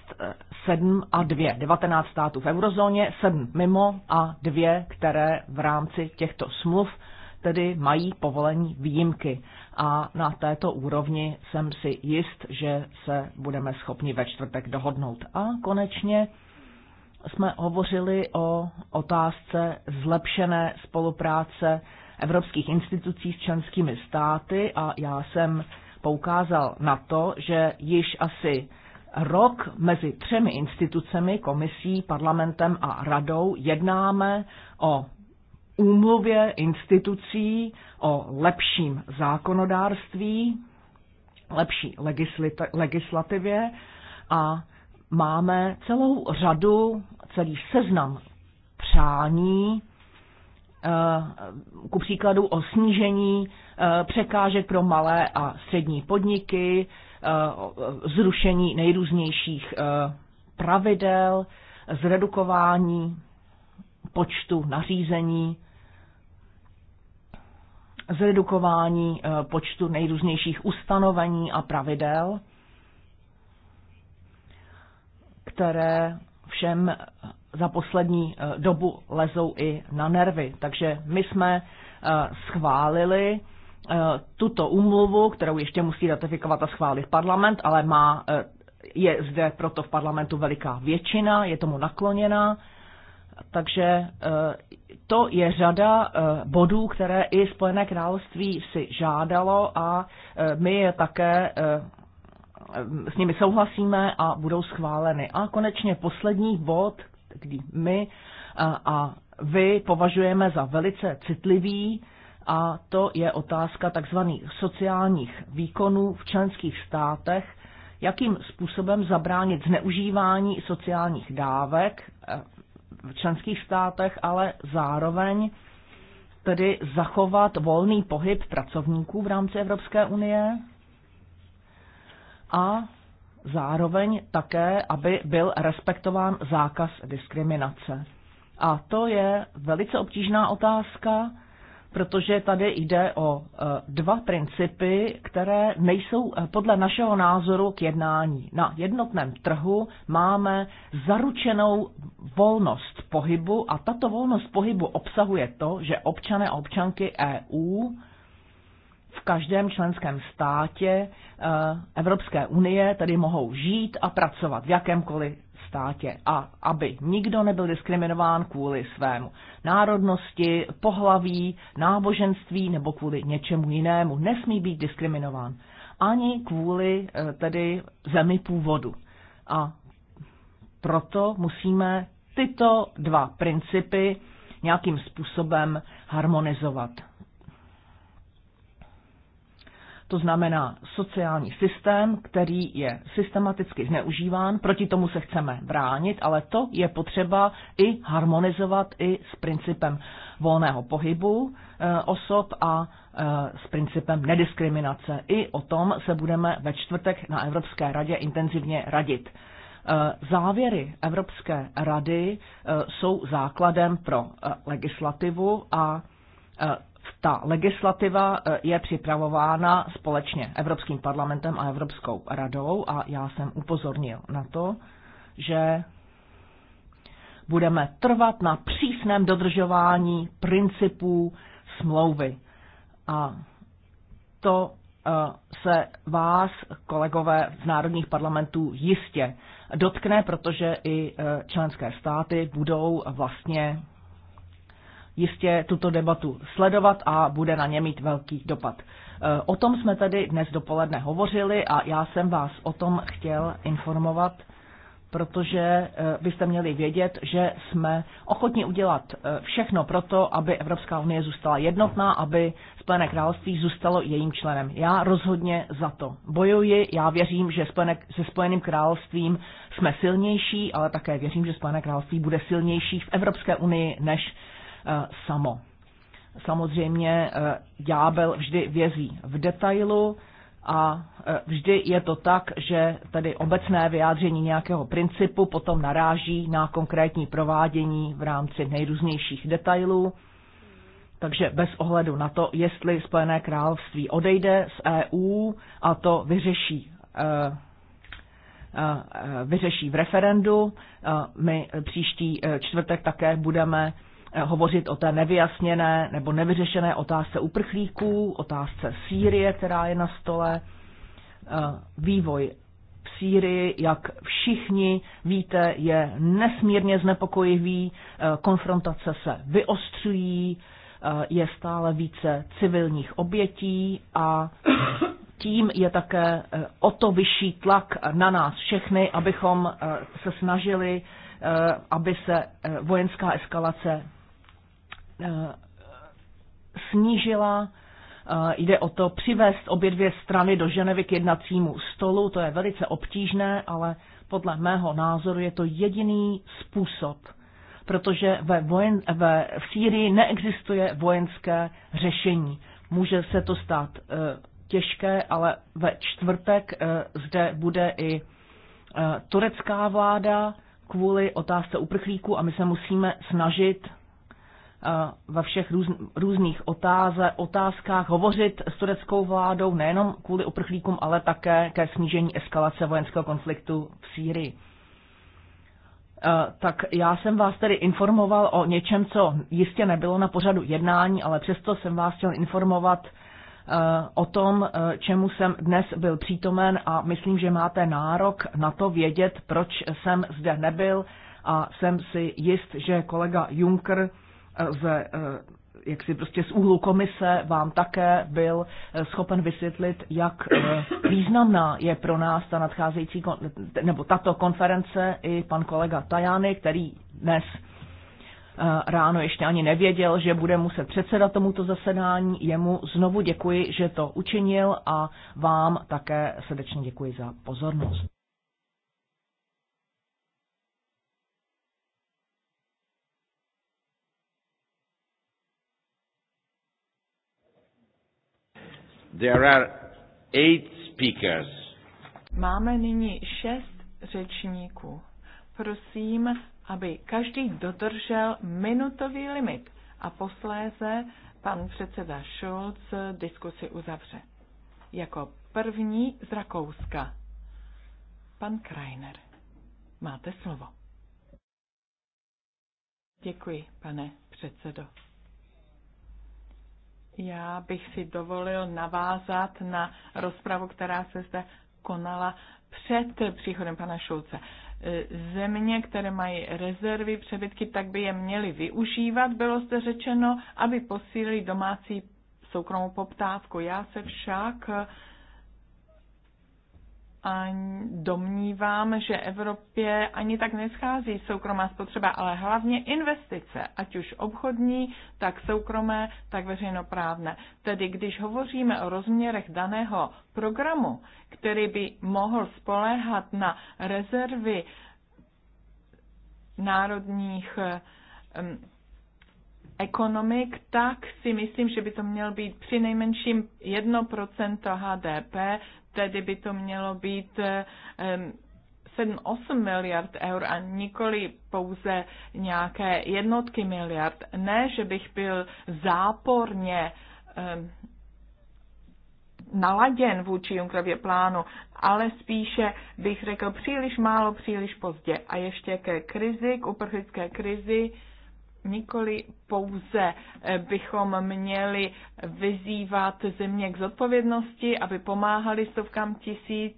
7 eh, a 2. 19 států v eurozóně, 7 mimo a 2, které v rámci těchto smluv tedy mají povolení výjimky. A na této úrovni jsem si jist, že se budeme schopni ve čtvrtek dohodnout. A konečně jsme hovořili o otázce zlepšené spolupráce evropských institucí s členskými státy a já jsem poukázal na to, že již asi rok mezi třemi institucemi, komisí, parlamentem a radou, jednáme o úmluvě institucí, o lepším zákonodárství, lepší legislativě a máme celou řadu, celý seznam přání, Eh, ku příkladu o snížení eh, překážek pro malé a střední podniky, eh, zrušení nejrůznějších pravidel, zredukování počtu nařízení, zredukování počtu nejrůznějších ustanovení a pravidel, které všem za poslední eh, dobu lezou i na nervy. Takže my jsme eh, schválili eh, tuto úmluvu, kterou ještě musí ratifikovat a schválit parlament, ale má, je zde proto v parlamentu veliká většina, je tomu nakloněna. Takže to je řada bodů, které i Spojené království si žádalo a my je také s nimi souhlasíme a budou schváleny. A konečně poslední bod, kdy my a vy považujeme za velice citlivý, a to je otázka tzv. sociálních výkonů v členských státech, jakým způsobem zabránit zneužívání sociálních dávek e, v členských státech, ale zároveň tedy zachovat volný pohyb pracovníků v rámci Evropské unie a zároveň také, aby byl respektován zákaz diskriminace. A to je velice obtížná otázka, protože tady jde o e, dva principy, které nejsou e, podle našeho názoru k jednání. Na jednotném trhu máme zaručenou volnost pohybu a tato volnost pohybu obsahuje to, že občané a občanky EU každém členském státě eh, Evropské unie, tedy mohou žít a pracovat v jakémkoliv státě a aby nikdo nebyl diskriminován kvůli svému národnosti, pohlaví, náboženství nebo kvůli něčemu jinému. Nesmí být diskriminován ani kvůli eh, tedy zemi původu. A proto musíme tyto dva principy nějakým způsobem harmonizovat to znamená sociální systém, který je systematicky zneužíván, proti tomu se chceme bránit, ale to je potřeba i harmonizovat i s principem volného pohybu eh, osob a eh, s principem nediskriminace. I o tom se budeme ve čtvrtek na Evropské radě intenzivně radit. Eh, závěry Evropské rady jsou základem pro legislativu a ta legislativa eh, je připravována společně Evropským parlamentem a Evropskou radou a já jsem upozornil na to, že budeme trvat na přísném dodržování principů smlouvy. A to eh, se vás, kolegové z národních parlamentů, jistě dotkne, protože i eh, členské státy budou vlastně jistě tuto debatu sledovat a bude na ně mít velký dopad. E, o tom jsme tady dnes dopoledne hovořili a já jsem vás o tom chtěl informovat, protože e, byste měli vědět, že jsme ochotni udělat e, všechno pro to, aby Evropská unie zůstala jednotná, aby Spojené království zůstalo jejím členem. Já rozhodně za to bojuji, já věřím, že se Spojeným královstvím jsme silnější, ale také věřím, že Spojené království bude silnější v Evropské unii než Eh, samo. Samozřejmě eh, ďábel vždy vězí v detailu a eh, vždy je to tak, že tedy obecné vyjádření nějakého principu potom naráží na konkrétní provádění v rámci nejrůznějších detailů. Takže bez ohledu na to, jestli Spojené království odejde z EU a to vyřeší vyřeší v referendu. My příští čtvrtek také budeme hovořit o té nevyjasněné nebo nevyřešené otázce uprchlíků, otázce Sýrie, která je na stole, eh, vývoj v Sýrii, jak všichni víte, je nesmírně znepokojivý, eh, konfrontace se vyostřují, eh, je stále více civilních obětí a tím je také o to vyšší tlak na nás všechny, abychom se snažili, aby se vojenská eskalace Eh, snížila. Eh, jde o to přivést obě dvě strany do Ženevy k jednacímu stolu. To je velice obtížné, ale podle mého názoru je to jediný způsob, protože ve, vojen, ve, v Sýrii neexistuje vojenské řešení. Může se to stát e, těžké, ale ve čtvrtek e, zde bude i e, turecká vláda kvůli otázce uprchlíků a my se musíme snažit Eh, ve všech růz, různých otáze, otázkách hovořit s tureckou vládou nejenom kvůli uprchlíkům, ale také ke snížení eskalace vojenského konfliktu v Sýrii. Eh, tak já jsem vás tedy informoval o něčem, co jistě nebylo na pořadu jednání, ale přesto jsem vás chtěl informovat eh, o tom, čemu jsem dnes byl přítomen a myslím, že máte nárok na to vědět, proč jsem zde nebyl a jsem si jist, že kolega Juncker ze, eh, jak si prostě z úhlu komise vám také byl eh, schopen vysvětlit, jak eh, významná je pro nás ta nadcházející, nebo tato konference i pan kolega Tajany, který dnes ráno ještě ani nevěděl, že bude muset předsedat tomuto zasedání. Jemu znovu děkuji, že to učinil a vám také srdečně děkuji za pozornost. There are eight speakers. Máme nyní šest řečníků. Prosím, aby každý dodržel minutový limit a posléze pan předseda Schulz diskusi uzavře. Jako první z Rakouska. Pan Kreiner, máte slovo. Děkuji, pane předsedo. Já bych si dovolil navázat na rozpravu, která se zde konala před příchodem pana Šulce. Země, které mají rezervy, přebytky, tak by je měly využívat, bylo zde řečeno, aby posílili domácí soukromou poptávku. Já se však domnívám, že Evropě ani tak neschází soukromá spotřeba, ale hlavně investice, ať už obchodní, tak soukromé, tak veřejnoprávné. Tedy když hovoříme o rozměrech daného programu, který by mohl spoléhat na rezervy národních ekonomik, tak si myslím, že by to měl být při nejmenším 1% HDP tedy by to mělo být 7-8 eh, miliard eur a nikoli pouze nějaké jednotky miliard. Ne, že bych byl záporně naladěn vůči Junkrově plánu, ale spíše bych řekl příliš málo, příliš pozdě. A ještě ke krizi, k uprchlické krizi, nikoli pouze eh, bychom měli vyzývat země k zodpovědnosti, aby pomáhali stovkám tisíc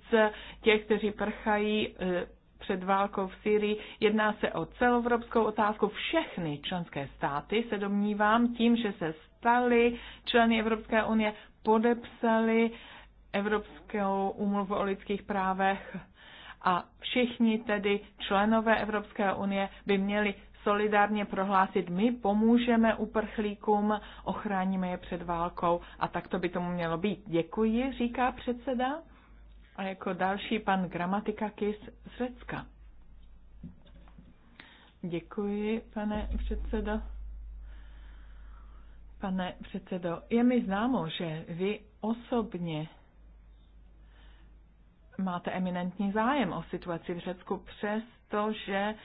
těch, kteří prchají eh, před válkou v Syrii. Jedná se o celoevropskou otázku. Všechny členské státy se domnívám tím, že se stali členy Evropské unie, podepsali Evropskou úmluvu o lidských právech a všichni tedy členové Evropské unie by měli solidárně prohlásit, my pomůžeme uprchlíkům, ochráníme je před válkou a tak to by tomu mělo být. Děkuji, říká předseda. A jako další pan Gramatikakis z Řecka. Děkuji, pane předsedo. Pane předsedo, je mi známo, že vy osobně máte eminentní zájem o situaci v Řecku, přestože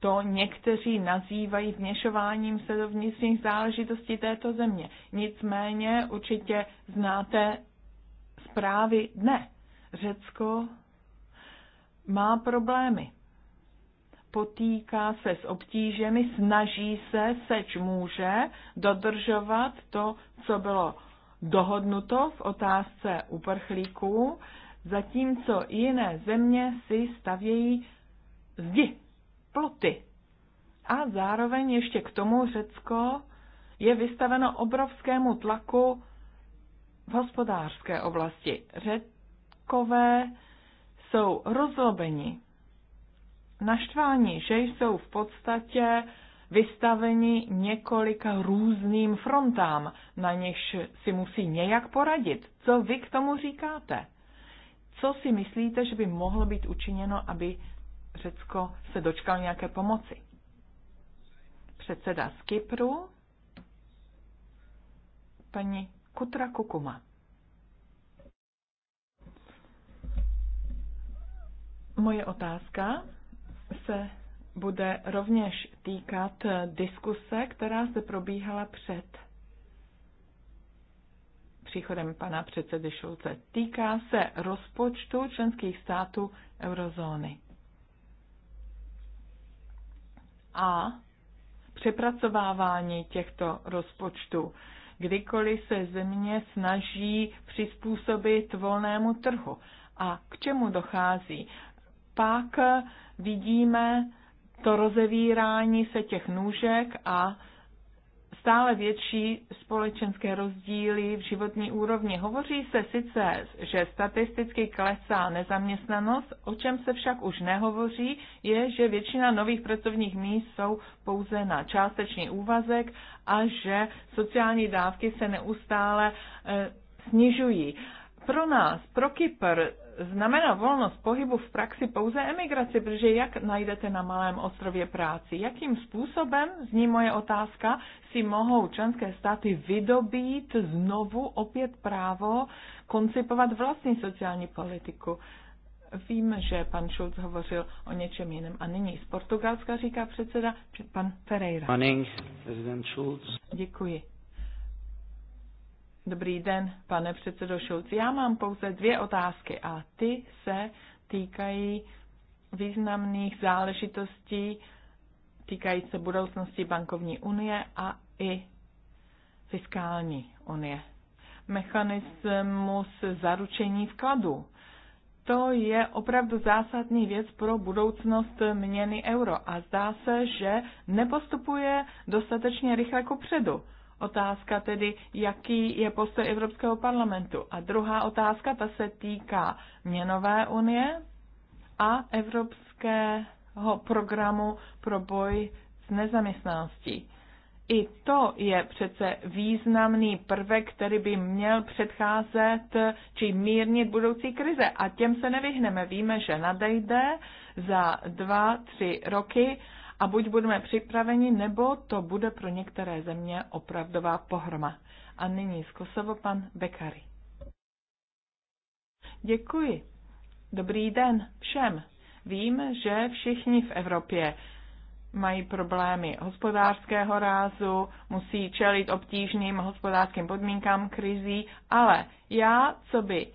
to někteří nazývají vněšováním se do vnitřních záležitostí této země. Nicméně určitě znáte zprávy dne. Řecko má problémy. Potýká se s obtížemi, snaží se, seč může, dodržovat to, co bylo dohodnuto v otázce uprchlíků, zatímco jiné země si stavějí zdi ploty. A zároveň ještě k tomu Řecko je vystaveno obrovskému tlaku v hospodářské oblasti. Řekové jsou rozlobeni, naštváni, že jsou v podstatě vystaveni několika různým frontám, na něž si musí nějak poradit. Co vy k tomu říkáte? Co si myslíte, že by mohlo být učiněno, aby Řecko se dočkal nějaké pomoci. Předseda z Kypru, paní Kutra Kukuma. Moje otázka se bude rovněž týkat diskuse, která se probíhala před příchodem pana předsedy Šulce. Týká se rozpočtu členských států eurozóny a přepracovávání těchto rozpočtů, kdykoliv se země snaží přizpůsobit volnému trhu. A k čemu dochází? Pak vidíme to rozevírání se těch nůžek a stále větší společenské rozdíly v životní úrovni. Hovoří se sice, že statisticky klesá nezaměstnanost, o čem se však už nehovoří, je, že většina nových pracovních míst jsou pouze na částečný úvazek a že sociální dávky se neustále eh, snižují. Pro nás, pro Kypr, znamená volnost pohybu v praxi pouze emigraci, protože jak najdete na malém ostrově práci? Jakým způsobem, zní moje otázka, si mohou členské státy vydobít znovu opět právo koncipovat vlastní sociální politiku? Vím, že pan Schulz hovořil o něčem jiném. A nyní z Portugalska říká předseda pan Ferreira. Morning, Schulz. Děkuji. Dobrý den, pane předsedo Šulc. Já mám pouze dvě otázky a ty se týkají významných záležitostí týkají se budoucnosti bankovní unie a i fiskální unie. Mechanismus zaručení vkladu. To je opravdu zásadní věc pro budoucnost měny euro a zdá se, že nepostupuje dostatečně rychle ku předu Otázka tedy, jaký je postoj Evropského parlamentu. A druhá otázka, ta se týká měnové unie a Evropského programu pro boj s nezaměstnaností. I to je přece významný prvek, který by měl předcházet či mírnit budoucí krize. A těm se nevyhneme. Víme, že nadejde za dva, tři roky a buď budeme připraveni, nebo to bude pro některé země opravdová pohroma. A nyní z Kosovo pan Bekary. Děkuji. Dobrý den všem. Vím, že všichni v Evropě mají problémy hospodářského rázu, musí čelit obtížným hospodářským podmínkám krizí, ale já, co by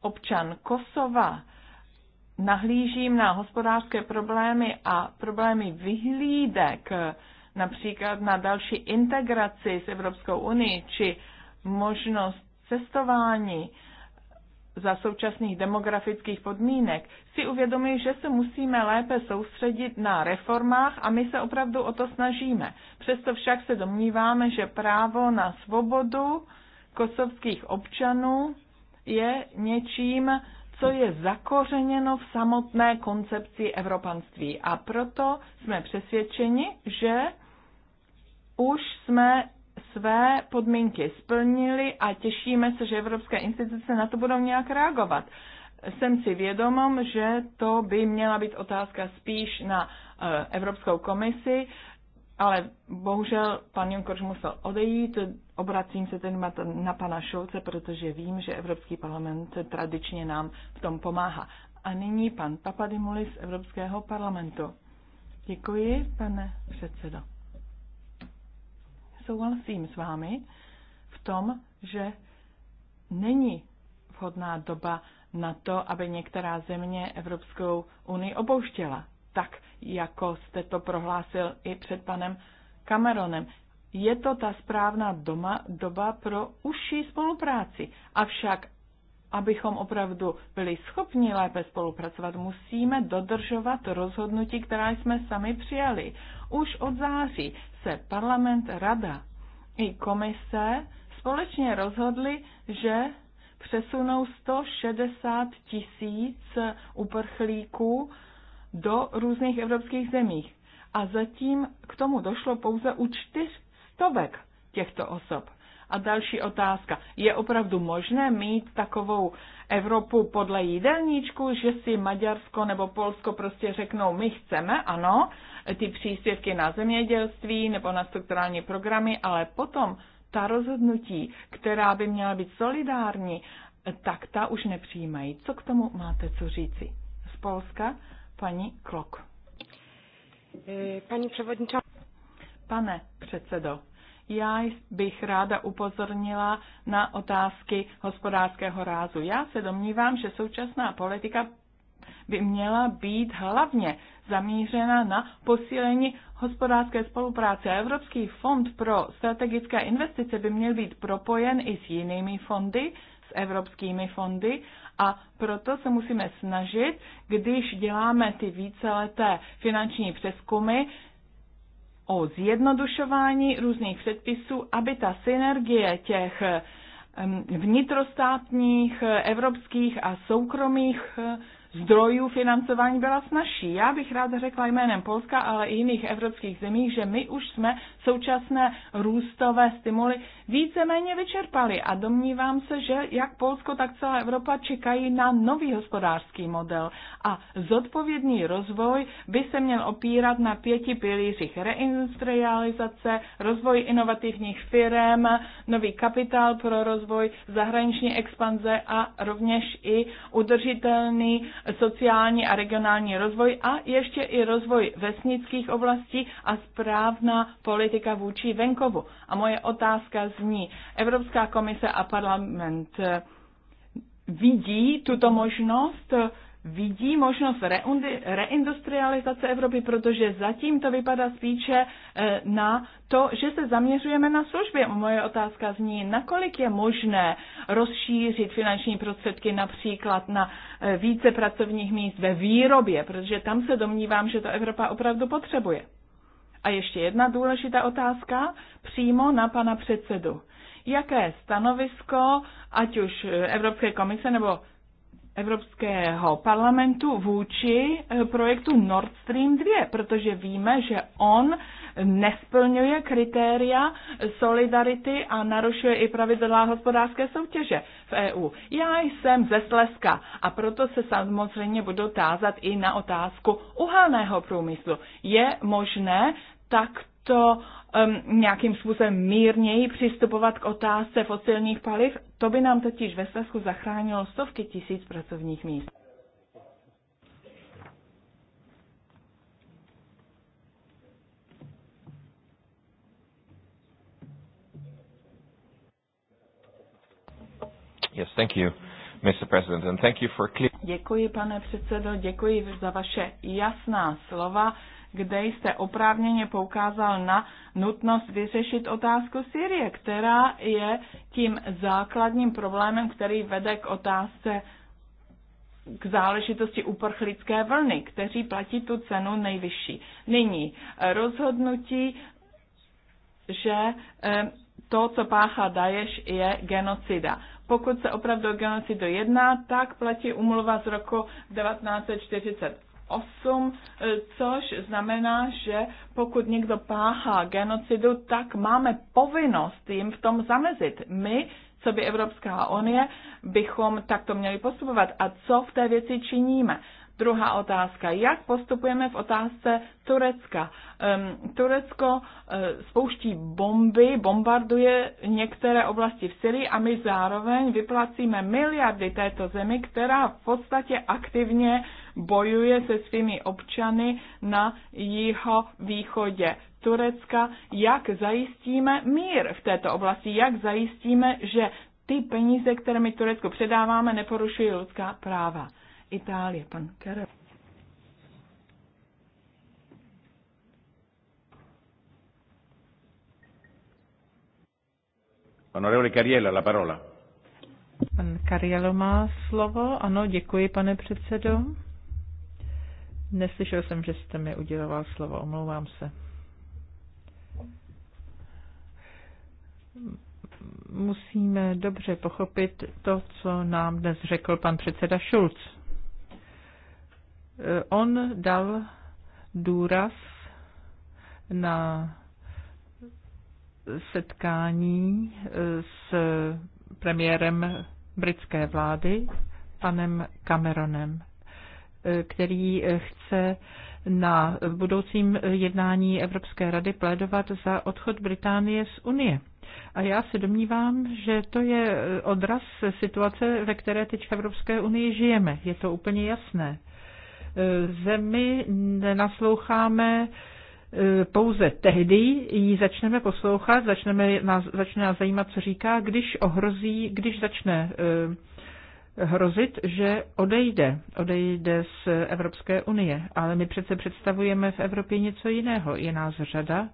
občan Kosova, nahlížím na hospodářské problémy a problémy vyhlídek, například na další integraci s Evropskou unii či možnost cestování za současných demografických podmínek, si uvědomí, že se musíme lépe soustředit na reformách a my se opravdu o to snažíme. Přesto však se domníváme, že právo na svobodu kosovských občanů je něčím, co je zakořeněno v samotné koncepci evropanství. A proto jsme přesvědčeni, že už jsme své podmínky splnili a těšíme se, že evropské instituce na to budou nějak reagovat. Jsem si vědomom, že to by měla být otázka spíš na eh, Evropskou komisi ale bohužel pan Juncker musel odejít. Obracím se ten na pana Šulce, protože vím, že Evropský parlament tradičně nám v tom pomáhá. A nyní pan Papadimulis z Evropského parlamentu. Děkuji, pane předsedo. Souhlasím s vámi v tom, že není vhodná doba na to, aby některá země Evropskou unii opouštěla tak jako jste to prohlásil i před panem Cameronem. Je to ta správná doma, doba pro užší spolupráci. Avšak, abychom opravdu byli schopni lépe spolupracovat, musíme dodržovat rozhodnutí, která jsme sami přijali. Už od září se parlament, rada i komise společně rozhodli, že přesunou 160 tisíc uprchlíků do různých evropských zemích. A zatím k tomu došlo pouze u čtyř stovek těchto osob. A další otázka. Je opravdu možné mít takovou Evropu podle jídelníčku, že si Maďarsko nebo Polsko prostě řeknou, my chceme, ano, ty příspěvky na zemědělství nebo na strukturální programy, ale potom ta rozhodnutí, která by měla být solidární, tak ta už nepřijímají. Co k tomu máte co říci? Z Polska? Paní Klok. Eh, paní převodničanka. Pane předsedo, já bych ráda upozornila na otázky hospodářského rázu. Já se domnívám, že současná politika by měla být hlavně zamířena na posílení hospodářské spolupráce. Evropský fond pro strategické investice by měl být propojen i s jinými fondy, evropskými fondy a proto se musíme snažit, když děláme ty víceleté finanční přeskumy, o zjednodušování různých předpisů, aby ta synergie těch vnitrostátních, evropských a soukromých zdrojů financování byla snažší. Já bych ráda řekla jménem Polska, ale i jiných evropských zemí, že my už jsme současné růstové stimuly víceméně vyčerpali a domnívám se, že jak Polsko, tak celá Evropa čekají na nový hospodářský model a zodpovědný rozvoj by se měl opírat na pěti pilířích reindustrializace, rozvoj inovativních firm, nový kapitál pro rozvoj, zahraniční expanze a rovněž i udržitelný sociální a regionální rozvoj a ještě i rozvoj vesnických oblastí a správná politika vůči venkovu. A moje otázka zní, Evropská komise a parlament eh, vidí tuto možnost, eh, vidí možnost reindustrializace Evropy, protože zatím to vypadá spíše eh, na to, že se zaměřujeme na služby. Moje otázka zní, nakolik je možné rozšířit finanční prostředky například na eh, více pracovních míst ve výrobě, protože tam se domnívám, že to Evropa opravdu potřebuje. A ještě jedna důležitá otázka přímo na pana předsedu. Jaké stanovisko, ať už eh, Evropské komise nebo Evropského parlamentu vůči eh, projektu Nord Stream 2, protože víme, že on nesplňuje kritéria solidarity a narušuje i pravidla hospodářské soutěže v EU. Já jsem ze Slezska a proto se samozřejmě budu tázat i na otázku uhelného průmyslu. Je možné takto um, nějakým způsobem mírněji přistupovat k otázce fosilních paliv. To by nám totiž ve Slesku zachránilo stovky tisíc pracovních míst. Yes, thank you, Mr. President, and thank you for clear... Děkuji, pane předsedo, děkuji za vaše jasná slova kde jste oprávněně poukázal na nutnost vyřešit otázku Syrie, která je tím základním problémem, který vede k otázce k záležitosti uprchlické vlny, kteří platí tu cenu nejvyšší. Nyní eh, rozhodnutí, že eh, to, co páchá Daješ, je genocida. Pokud se opravdu o genocidu jedná, tak platí umluva z roku 1940 8, eh, což znamená, že pokud někdo páchá genocidu, tak máme povinnost jim v tom zamezit. My, co by Evropská unie, bychom takto měli postupovat. A co v té věci činíme? Druhá otázka. Jak postupujeme v otázce Turecka? Um, Turecko uh, spouští bomby, bombarduje některé oblasti v Syrii a my zároveň vyplacíme miliardy této zemi, která v podstatě aktivně bojuje se svými občany na jeho východě Turecka, jak zajistíme mír v této oblasti, jak zajistíme, že ty peníze, které my Turecku předáváme, neporušují lidská práva. Itálie, pan Karev. Honorable Cariella, la parola. Pan Cariello má slovo. Ano, děkuji, pane předsedo. Neslyšel jsem, že jste mi uděloval slovo, omlouvám se. Musíme dobře pochopit to, co nám dnes řekl pan předseda Schulz. On dal důraz na setkání eh, s premiérem britské vlády, panem Cameronem který chce na budoucím jednání Evropské rady plédovat za odchod Británie z Unie. A já se domnívám, že to je odraz situace, ve které teď v Evropské unii žijeme. Je to úplně jasné. Zemi nenasloucháme eh, pouze tehdy ji začneme poslouchat, začneme, začne nás zajímat, co říká, když ohrozí, když začne eh, hrozit, že odejde, odejde z Evropské unie. Ale my přece představujeme v Evropě něco jiného. Je nás řada,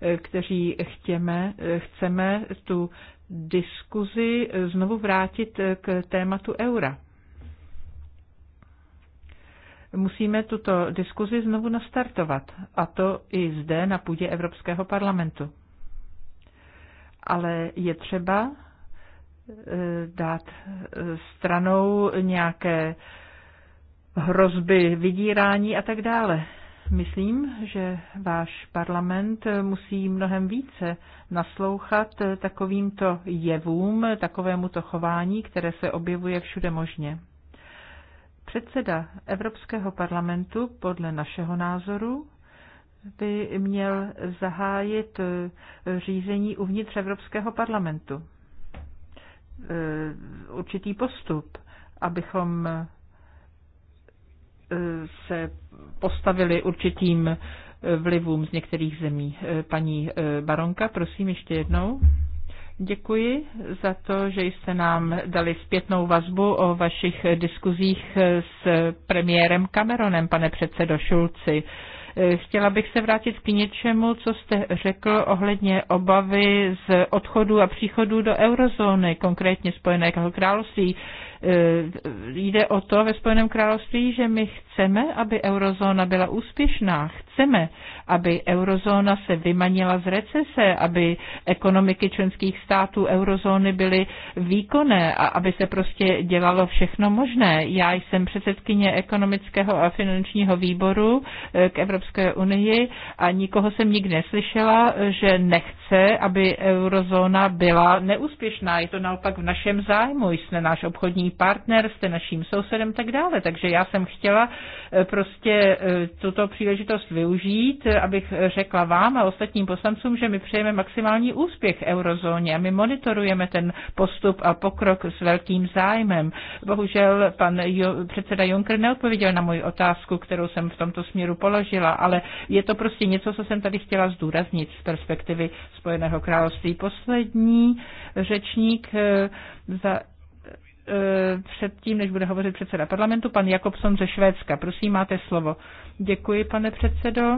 eh, kteří chtěme, eh, chceme tu diskuzi znovu vrátit eh, k tématu eura. Musíme tuto diskuzi znovu nastartovat, a to i zde na půdě Evropského parlamentu. Ale je třeba Eh, dát eh, stranou nějaké hrozby vydírání a tak dále. Myslím, že váš parlament musí mnohem více naslouchat eh, takovýmto jevům, takovémuto chování, které se objevuje všude možně. Předseda Evropského parlamentu podle našeho názoru by měl zahájit řízení uvnitř Evropského parlamentu. Eh, určitý postup, abychom eh, se postavili určitým eh, vlivům z některých zemí. Paní Baronka, prosím ještě jednou. Děkuji za to, že jste nám dali zpětnou vazbu o vašich diskuzích s premiérem Cameronem, pane předsedo Šulci. Chtěla bych se vrátit k něčemu, co jste řekl ohledně obavy z odchodu a příchodu do eurozóny, konkrétně Spojeného království. Eh, jde o to ve Spojeném království, že my chceme, aby eurozóna byla úspěšná. Chceme, aby eurozóna se vymanila z recese, aby ekonomiky členských států eurozóny byly výkonné a aby se prostě dělalo všechno možné. Já jsem předsedkyně ekonomického a finančního výboru eh, k Evropské unii a nikoho jsem nikdy neslyšela, eh, že nechce, aby eurozóna byla neúspěšná. Je to naopak v našem zájmu. Jsme náš obchodní partner, jste naším sousedem tak dále. Takže já jsem chtěla eh, prostě eh, tuto příležitost využít, abych řekla vám a ostatním poslancům, že my přejeme maximální úspěch eurozóně a my monitorujeme ten postup a pokrok s velkým zájmem. Bohužel pan jo, předseda Juncker neodpověděl na moji otázku, kterou jsem v tomto směru položila, ale je to prostě něco, co jsem tady chtěla zdůraznit z perspektivy Spojeného království. Poslední řečník eh, za E, předtím, než bude hovořit předseda parlamentu, pan Jakobson ze Švédska. Prosím, máte slovo. Děkuji, pane předsedo.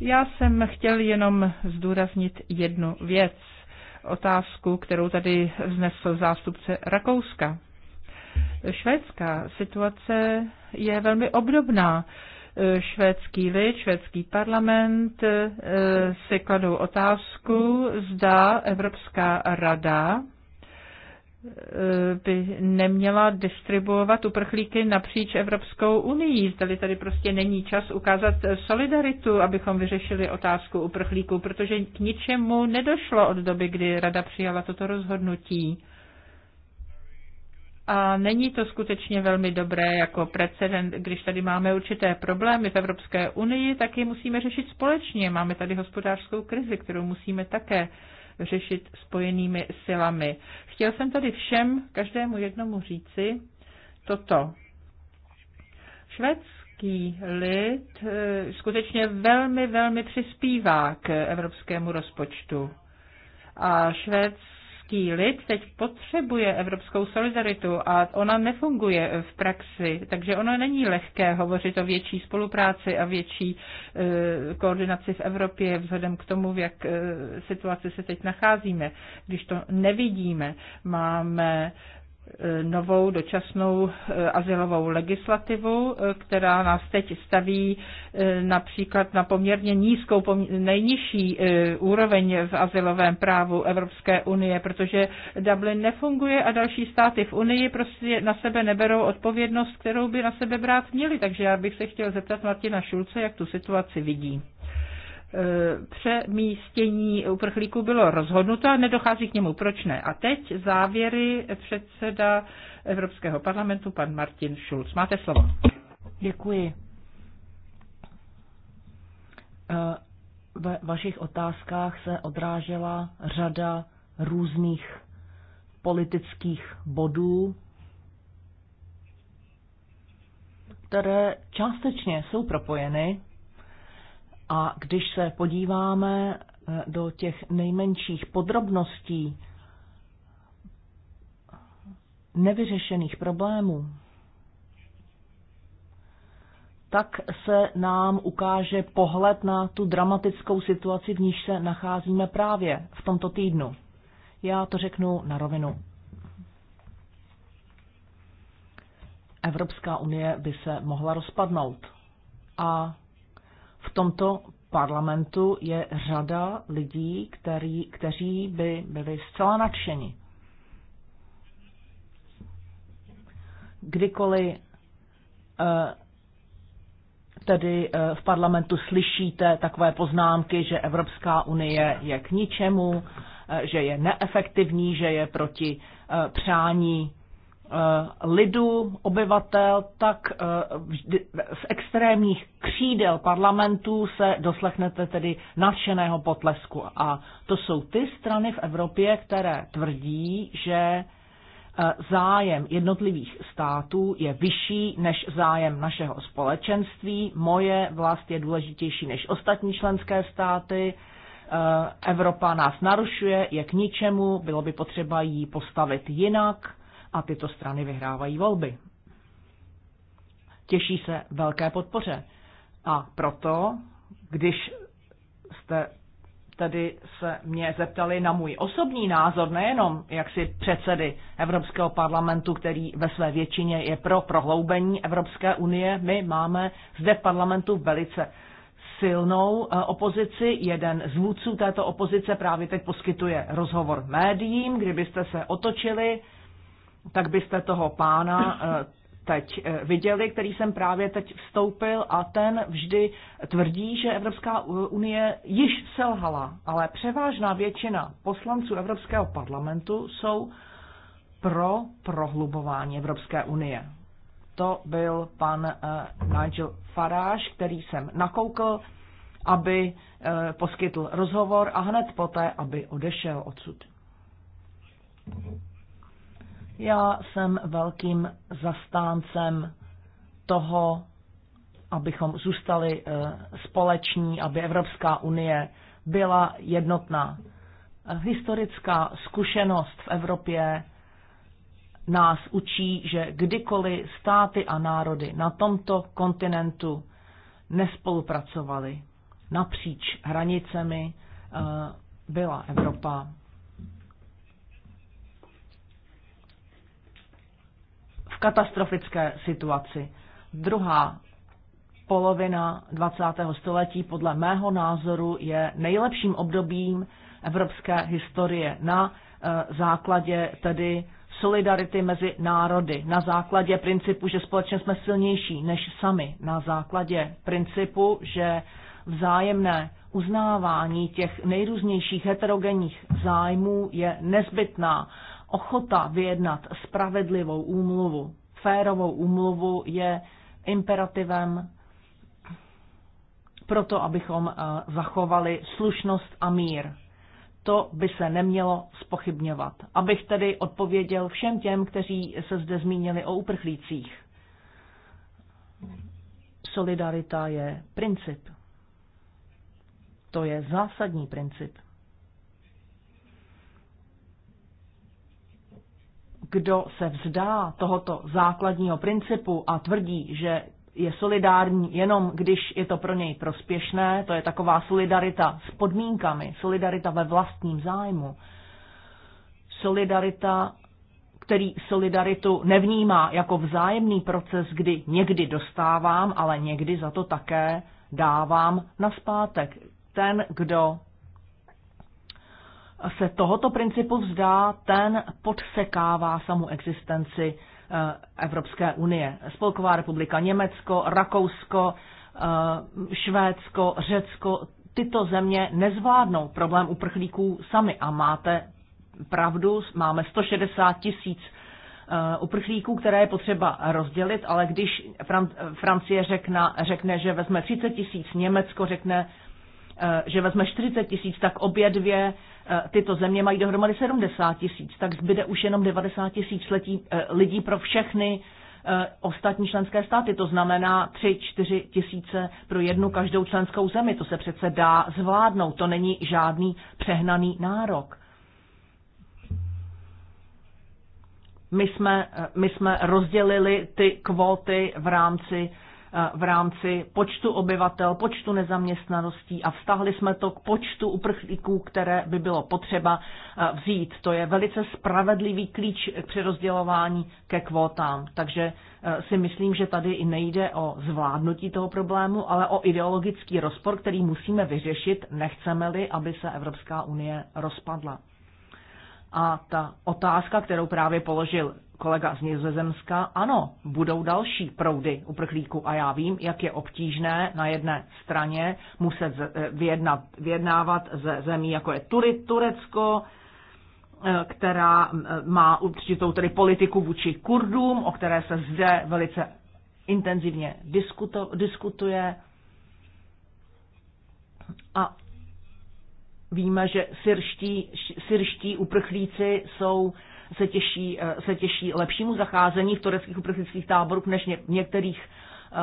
Já jsem chtěl jenom zdůraznit jednu věc. Otázku, kterou tady vznesl zástupce Rakouska. Švédská situace je velmi obdobná švédský lid, švédský parlament eh, si kladou otázku, zda Evropská rada eh, by neměla distribuovat uprchlíky napříč Evropskou unii. Zdali tady prostě není čas ukázat solidaritu, abychom vyřešili otázku uprchlíků, protože k ničemu nedošlo od doby, kdy Rada přijala toto rozhodnutí. A není to skutečně velmi dobré jako precedent, když tady máme určité problémy v Evropské unii, tak je musíme řešit společně. Máme tady hospodářskou krizi, kterou musíme také řešit spojenými silami. Chtěl jsem tady všem, každému jednomu říci toto. Švédský lid eh, skutečně velmi, velmi přispívá k evropskému rozpočtu. A Švédsk evropský lid teď potřebuje evropskou solidaritu a ona nefunguje v praxi, takže ono není lehké hovořit o větší spolupráci a větší e, koordinaci v Evropě vzhledem k tomu, v jak e, situaci se teď nacházíme. Když to nevidíme, máme Eh, novou dočasnou eh, asilovou legislativu, eh, která nás teď staví například na poměrně nízkou, nejnižší úroveň v asilovém právu Evropské unie, protože Dublin nefunguje a další státy v Unii prostě na sebe neberou odpovědnost, kterou by na sebe brát měli. Takže já bych se chtěl zeptat Martina Šulce, jak tu situaci vidí. Eh, přemístění uprchlíků bylo rozhodnuto a nedochází k němu. Proč ne? A teď závěry předseda Evropského parlamentu, pan Martin Schulz. Máte slovo. Děkuji. Eh, ve vašich otázkách se odrážela řada různých politických bodů, které částečně jsou propojeny a když se podíváme eh, do těch nejmenších podrobností nevyřešených problémů, tak se nám ukáže pohled na tu dramatickou situaci, v níž se nacházíme právě v tomto týdnu. Já to řeknu na rovinu. Evropská unie by se mohla rozpadnout. A v tomto parlamentu je řada lidí, který, kteří by byli zcela nadšeni. Kdykoliv eh, tedy eh, v parlamentu slyšíte takové poznámky, že Evropská unie je k ničemu, eh, že je neefektivní, že je proti přání Eh, lidu, obyvatel, tak z eh, extrémních křídel parlamentů se doslechnete tedy nadšeného potlesku. A to jsou ty strany v Evropě, které tvrdí, že eh, zájem jednotlivých států je vyšší než zájem našeho společenství. Moje vlast je důležitější než ostatní členské státy. Evropa nás narušuje, je k ničemu, bylo by potřeba ji postavit jinak a tyto strany vyhrávají volby. Těší se velké podpoře. A proto, když jste tedy se mě zeptali na můj osobní názor, nejenom jaksi předsedy Evropského parlamentu, který ve své většině je pro prohloubení Evropské unie. My máme zde v parlamentu velice silnou eh, opozici. Jeden z vůdců této opozice právě teď poskytuje rozhovor médiím. Kdybyste se otočili tak byste toho pána eh, teď eh, viděli, který jsem právě teď vstoupil a ten vždy tvrdí, že Evropská unie již selhala, ale převážná většina poslanců Evropského parlamentu jsou pro prohlubování Evropské unie. To byl pan eh, Nigel Farage, který jsem nakoukl, aby poskytl rozhovor a hned poté, aby odešel odsud. Já jsem velkým zastáncem toho, abychom zůstali eh, společní, aby Evropská unie byla jednotná. Eh, historická zkušenost v Evropě nás učí, že kdykoliv státy a národy na tomto kontinentu nespolupracovaly napříč hranicemi, eh, byla Evropa v katastrofické situaci. Druhá polovina 20. století podle mého názoru je nejlepším obdobím evropské historie na e, základě tedy solidarity mezi národy, na základě principu, že společně jsme silnější než sami, na základě principu, že vzájemné uznávání těch nejrůznějších heterogenních zájmů je nezbytná ochota vyjednat spravedlivou úmluvu, férovou úmluvu je imperativem proto, abychom eh, zachovali slušnost a mír. To by se nemělo spochybňovat. Abych tedy odpověděl všem těm, kteří se zde zmínili o uprchlících. Solidarita je princip. To je zásadní princip. kdo se vzdá tohoto základního principu a tvrdí, že je solidární jenom, když je to pro něj prospěšné, to je taková solidarita s podmínkami, solidarita ve vlastním zájmu, solidarita, který solidaritu nevnímá jako vzájemný proces, kdy někdy dostávám, ale někdy za to také dávám na naspátek. Ten, kdo se tohoto principu vzdá, ten podsekává samou existenci eh, Evropské unie. Spolková republika Německo, Rakousko, eh, Švédsko, Řecko, tyto země nezvládnou problém uprchlíků sami a máte pravdu, máme 160 tisíc eh, uprchlíků, které je potřeba rozdělit, ale když Francie řekne, řekne že vezme 30 tisíc, Německo řekne Eh, že vezme 40 tisíc, tak obě dvě eh, tyto země mají dohromady 70 tisíc, tak zbyde už jenom 90 tisíc eh, lidí pro všechny ostatní členské státy. To znamená 3-4 tisíce pro jednu každou členskou zemi. To se přece dá zvládnout. To není žádný přehnaný nárok. My jsme, my jsme rozdělili ty kvóty v rámci Eh, v rámci počtu obyvatel, počtu nezaměstnaností a vztahli jsme to k počtu uprchlíků, které by bylo potřeba eh, vzít. To je velice spravedlivý klíč k přerozdělování ke kvótám. Takže eh, si myslím, že tady i nejde o zvládnutí toho problému, ale o ideologický rozpor, který musíme vyřešit, nechceme-li, aby se Evropská unie rozpadla. A ta otázka, kterou právě položil kolega z Nizozemska, ano, budou další proudy uprchlíků a já vím, jak je obtížné na jedné straně muset eh, vyjednat, vyjednávat ze zemí, jako je Turecko, eh, která eh, má určitou tedy politiku vůči Kurdům, o které se zde velice intenzivně diskuto, diskutuje. A Víme, že syrští, syrští uprchlíci jsou, se, těší, eh, se těší lepšímu zacházení v tureckých uprchlických táborech než v některých eh,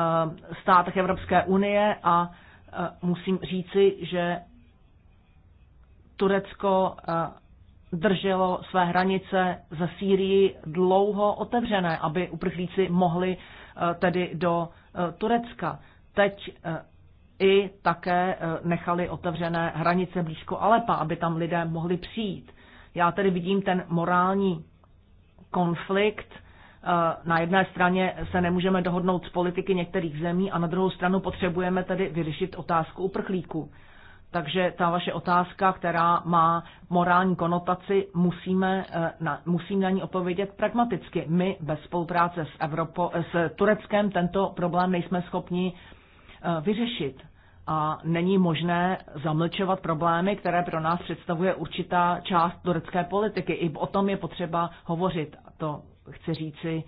státech Evropské unie a eh, musím říci, že Turecko drželo své hranice ze Sýrii dlouho otevřené, aby uprchlíci mohli tedy do Turecka. Teď i také eh, nechali otevřené hranice blízko Alepa, aby tam lidé mohli přijít. Já tedy vidím ten morální konflikt. Eh, na jedné straně se nemůžeme dohodnout s politiky některých zemí a na druhou stranu potřebujeme tedy vyřešit otázku uprchlíků. Takže ta vaše otázka, která má morální konotaci, musíme eh, na, musím na ní odpovědět pragmaticky. My bez spolupráce s, Evropo, s Tureckem tento problém nejsme schopni Eh, vyřešit. A není možné zamlčovat problémy, které pro nás představuje určitá část turecké politiky. I o tom je potřeba hovořit. To chci říci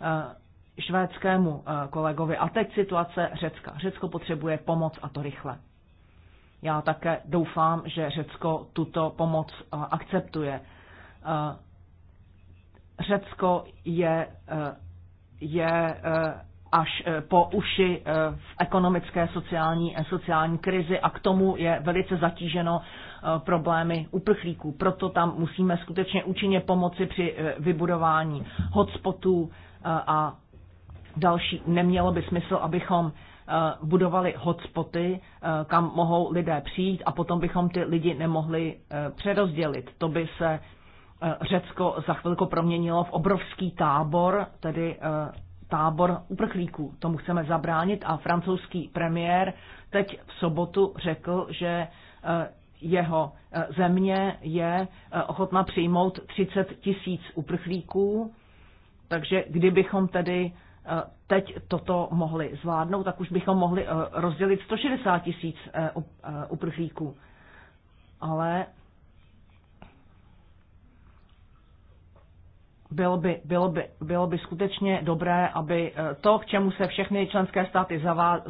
eh, švédskému eh, kolegovi. A teď situace Řecka. Řecko potřebuje pomoc a to rychle. Já také doufám, že Řecko tuto pomoc akceptuje. Řecko je, je až eh, po uši eh, v ekonomické sociální, eh, sociální krizi a k tomu je velice zatíženo problémy uprchlíků. Proto tam musíme skutečně účinně pomoci při vybudování hotspotů a další. Nemělo by smysl, abychom budovali hotspoty, kam mohou lidé přijít a potom bychom ty lidi nemohli přerozdělit. To by se Řecko za chvilku proměnilo v obrovský tábor, tedy tábor uprchlíků. Tomu chceme zabránit a francouzský premiér teď v sobotu řekl, že eh, jeho eh, země je eh, ochotna přijmout 30 tisíc uprchlíků, takže kdybychom tedy teď toto mohli zvládnout, tak už bychom mohli rozdělit 160 tisíc uprchlíků. Ale bylo by, bylo, by, bylo by skutečně dobré, aby eh, to, k čemu se všechny členské státy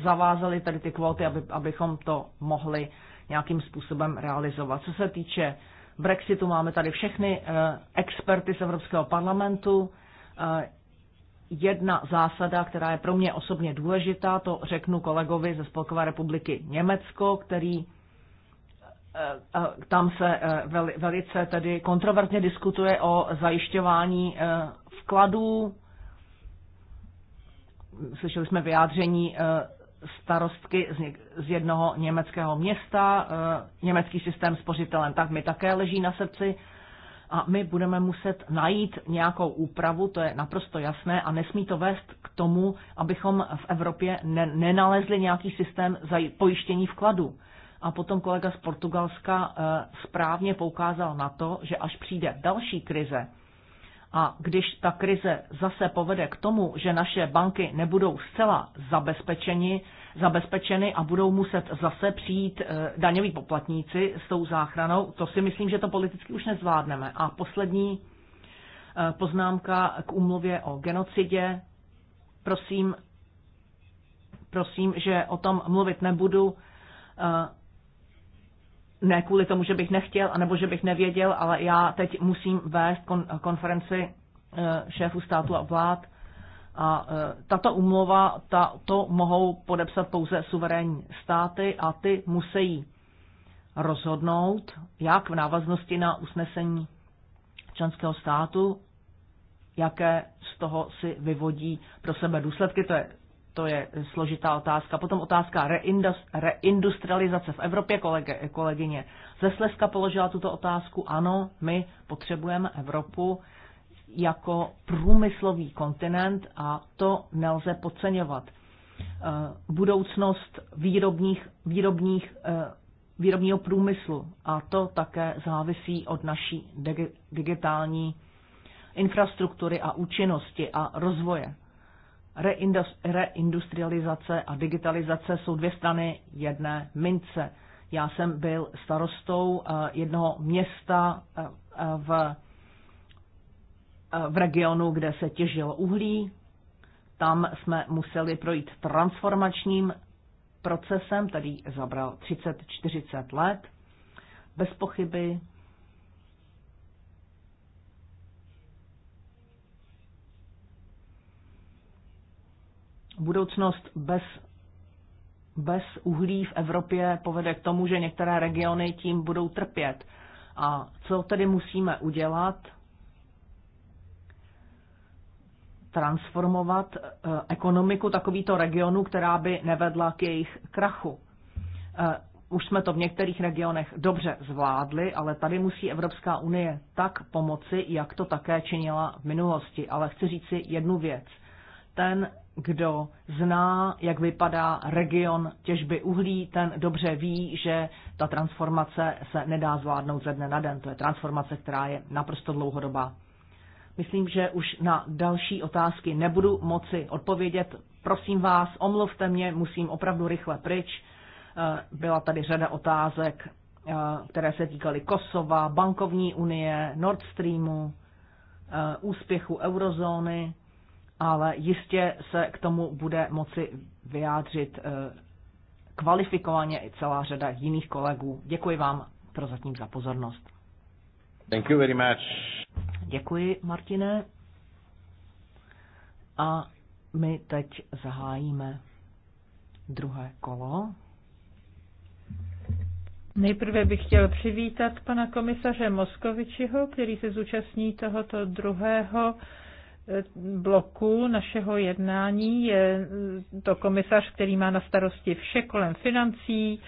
zavázaly, tedy ty kvóty, aby, abychom to mohli nějakým způsobem realizovat. Co se týče Brexitu, máme tady všechny eh, experty z Evropského parlamentu. Eh, jedna zásada, která je pro mě osobně důležitá, to řeknu kolegovi ze Spolkové republiky Německo, který tam se e, velice tedy kontroverzně diskutuje o zajišťování e, vkladů. Slyšeli jsme vyjádření e, starostky z jednoho německého města, německý systém s tak mi také leží na srdci a my budeme muset najít nějakou úpravu, to je naprosto jasné a nesmí to vést k tomu, abychom v Evropě nenalezli nějaký systém za pojištění vkladů. A potom kolega z Portugalska eh, správně poukázal na to, že až přijde další krize, a když ta krize zase povede k tomu, že naše banky nebudou zcela zabezpečeni, zabezpečeny a budou muset zase přijít eh, daňoví poplatníci s tou záchranou, to si myslím, že to politicky už nezvládneme. A poslední eh, poznámka k umluvě o genocidě. Prosím, prosím, že o tom mluvit nebudu ne kvůli tomu, že bych nechtěl, anebo že bych nevěděl, ale já teď musím vést kon- konferenci eh, šéfů státu a vlád. A eh, tato umlova, ta, to mohou podepsat pouze suverénní státy a ty musí rozhodnout, jak v návaznosti na usnesení členského státu, jaké z toho si vyvodí pro sebe důsledky. To je to je složitá otázka. Potom otázka reindustrializace v Evropě, kolege, kolegyně. Ze Slezka položila tuto otázku. Ano, my potřebujeme Evropu jako průmyslový kontinent a to nelze podceňovat. Eh, budoucnost výrobních, výrobních, eh, výrobního průmyslu a to také závisí od naší digitální infrastruktury a účinnosti a rozvoje. Reindustrializace a digitalizace jsou dvě strany jedné mince. Já jsem byl starostou eh, jednoho města eh, eh, v, v regionu, kde se těžilo uhlí. Tam jsme museli projít transformačním procesem, který zabral 30-40 let. Bez pochyby budoucnost bez, bez uhlí v Evropě povede k tomu, že některé regiony tím budou trpět. A co tedy musíme udělat? Transformovat eh, ekonomiku takovýto regionu, která by nevedla k jejich krachu. Eh, už jsme to v některých regionech dobře zvládli, ale tady musí Evropská unie tak pomoci, jak to také činila v minulosti. Ale chci říct si jednu věc. Ten kdo zná, jak vypadá region těžby uhlí, ten dobře ví, že ta transformace se nedá zvládnout ze dne na den. To je transformace, která je naprosto dlouhodobá. Myslím, že už na další otázky nebudu moci odpovědět. Prosím vás, omluvte mě, musím opravdu rychle pryč. Eh, byla tady řada otázek, eh, které se týkaly Kosova, bankovní unie, Nord Streamu, eh, úspěchu eurozóny ale jistě se k tomu bude moci vyjádřit eh, kvalifikovaně i celá řada jiných kolegů. Děkuji vám prozatím za pozornost. Thank you very much. Děkuji, Martine. A my teď zahájíme druhé kolo. Nejprve bych chtěl přivítat pana komisaře Moskovičiho, který se zúčastní tohoto druhého bloku našeho jednání je to komisař, který má na starosti vše kolem financí,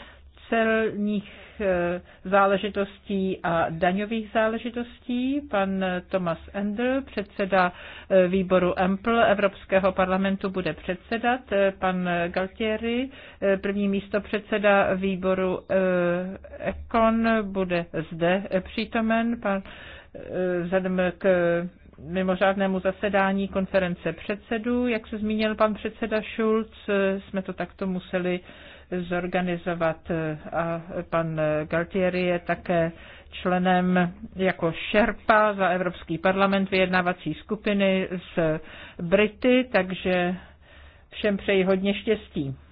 celních eh, záležitostí a daňových záležitostí, pan Thomas Endl předseda eh, výboru EMPL Evropského parlamentu, bude předsedat, eh, pan Galtieri, první místo předseda výboru ECON, bude zde přítomen, pan vzhledem k mimořádnému zasedání konference předsedů. Jak se zmínil pan předseda Schulz, jsme to takto museli zorganizovat a pan Galtieri je také členem jako šerpa za Evropský parlament vyjednávací skupiny z Brity, takže všem přeji hodně štěstí.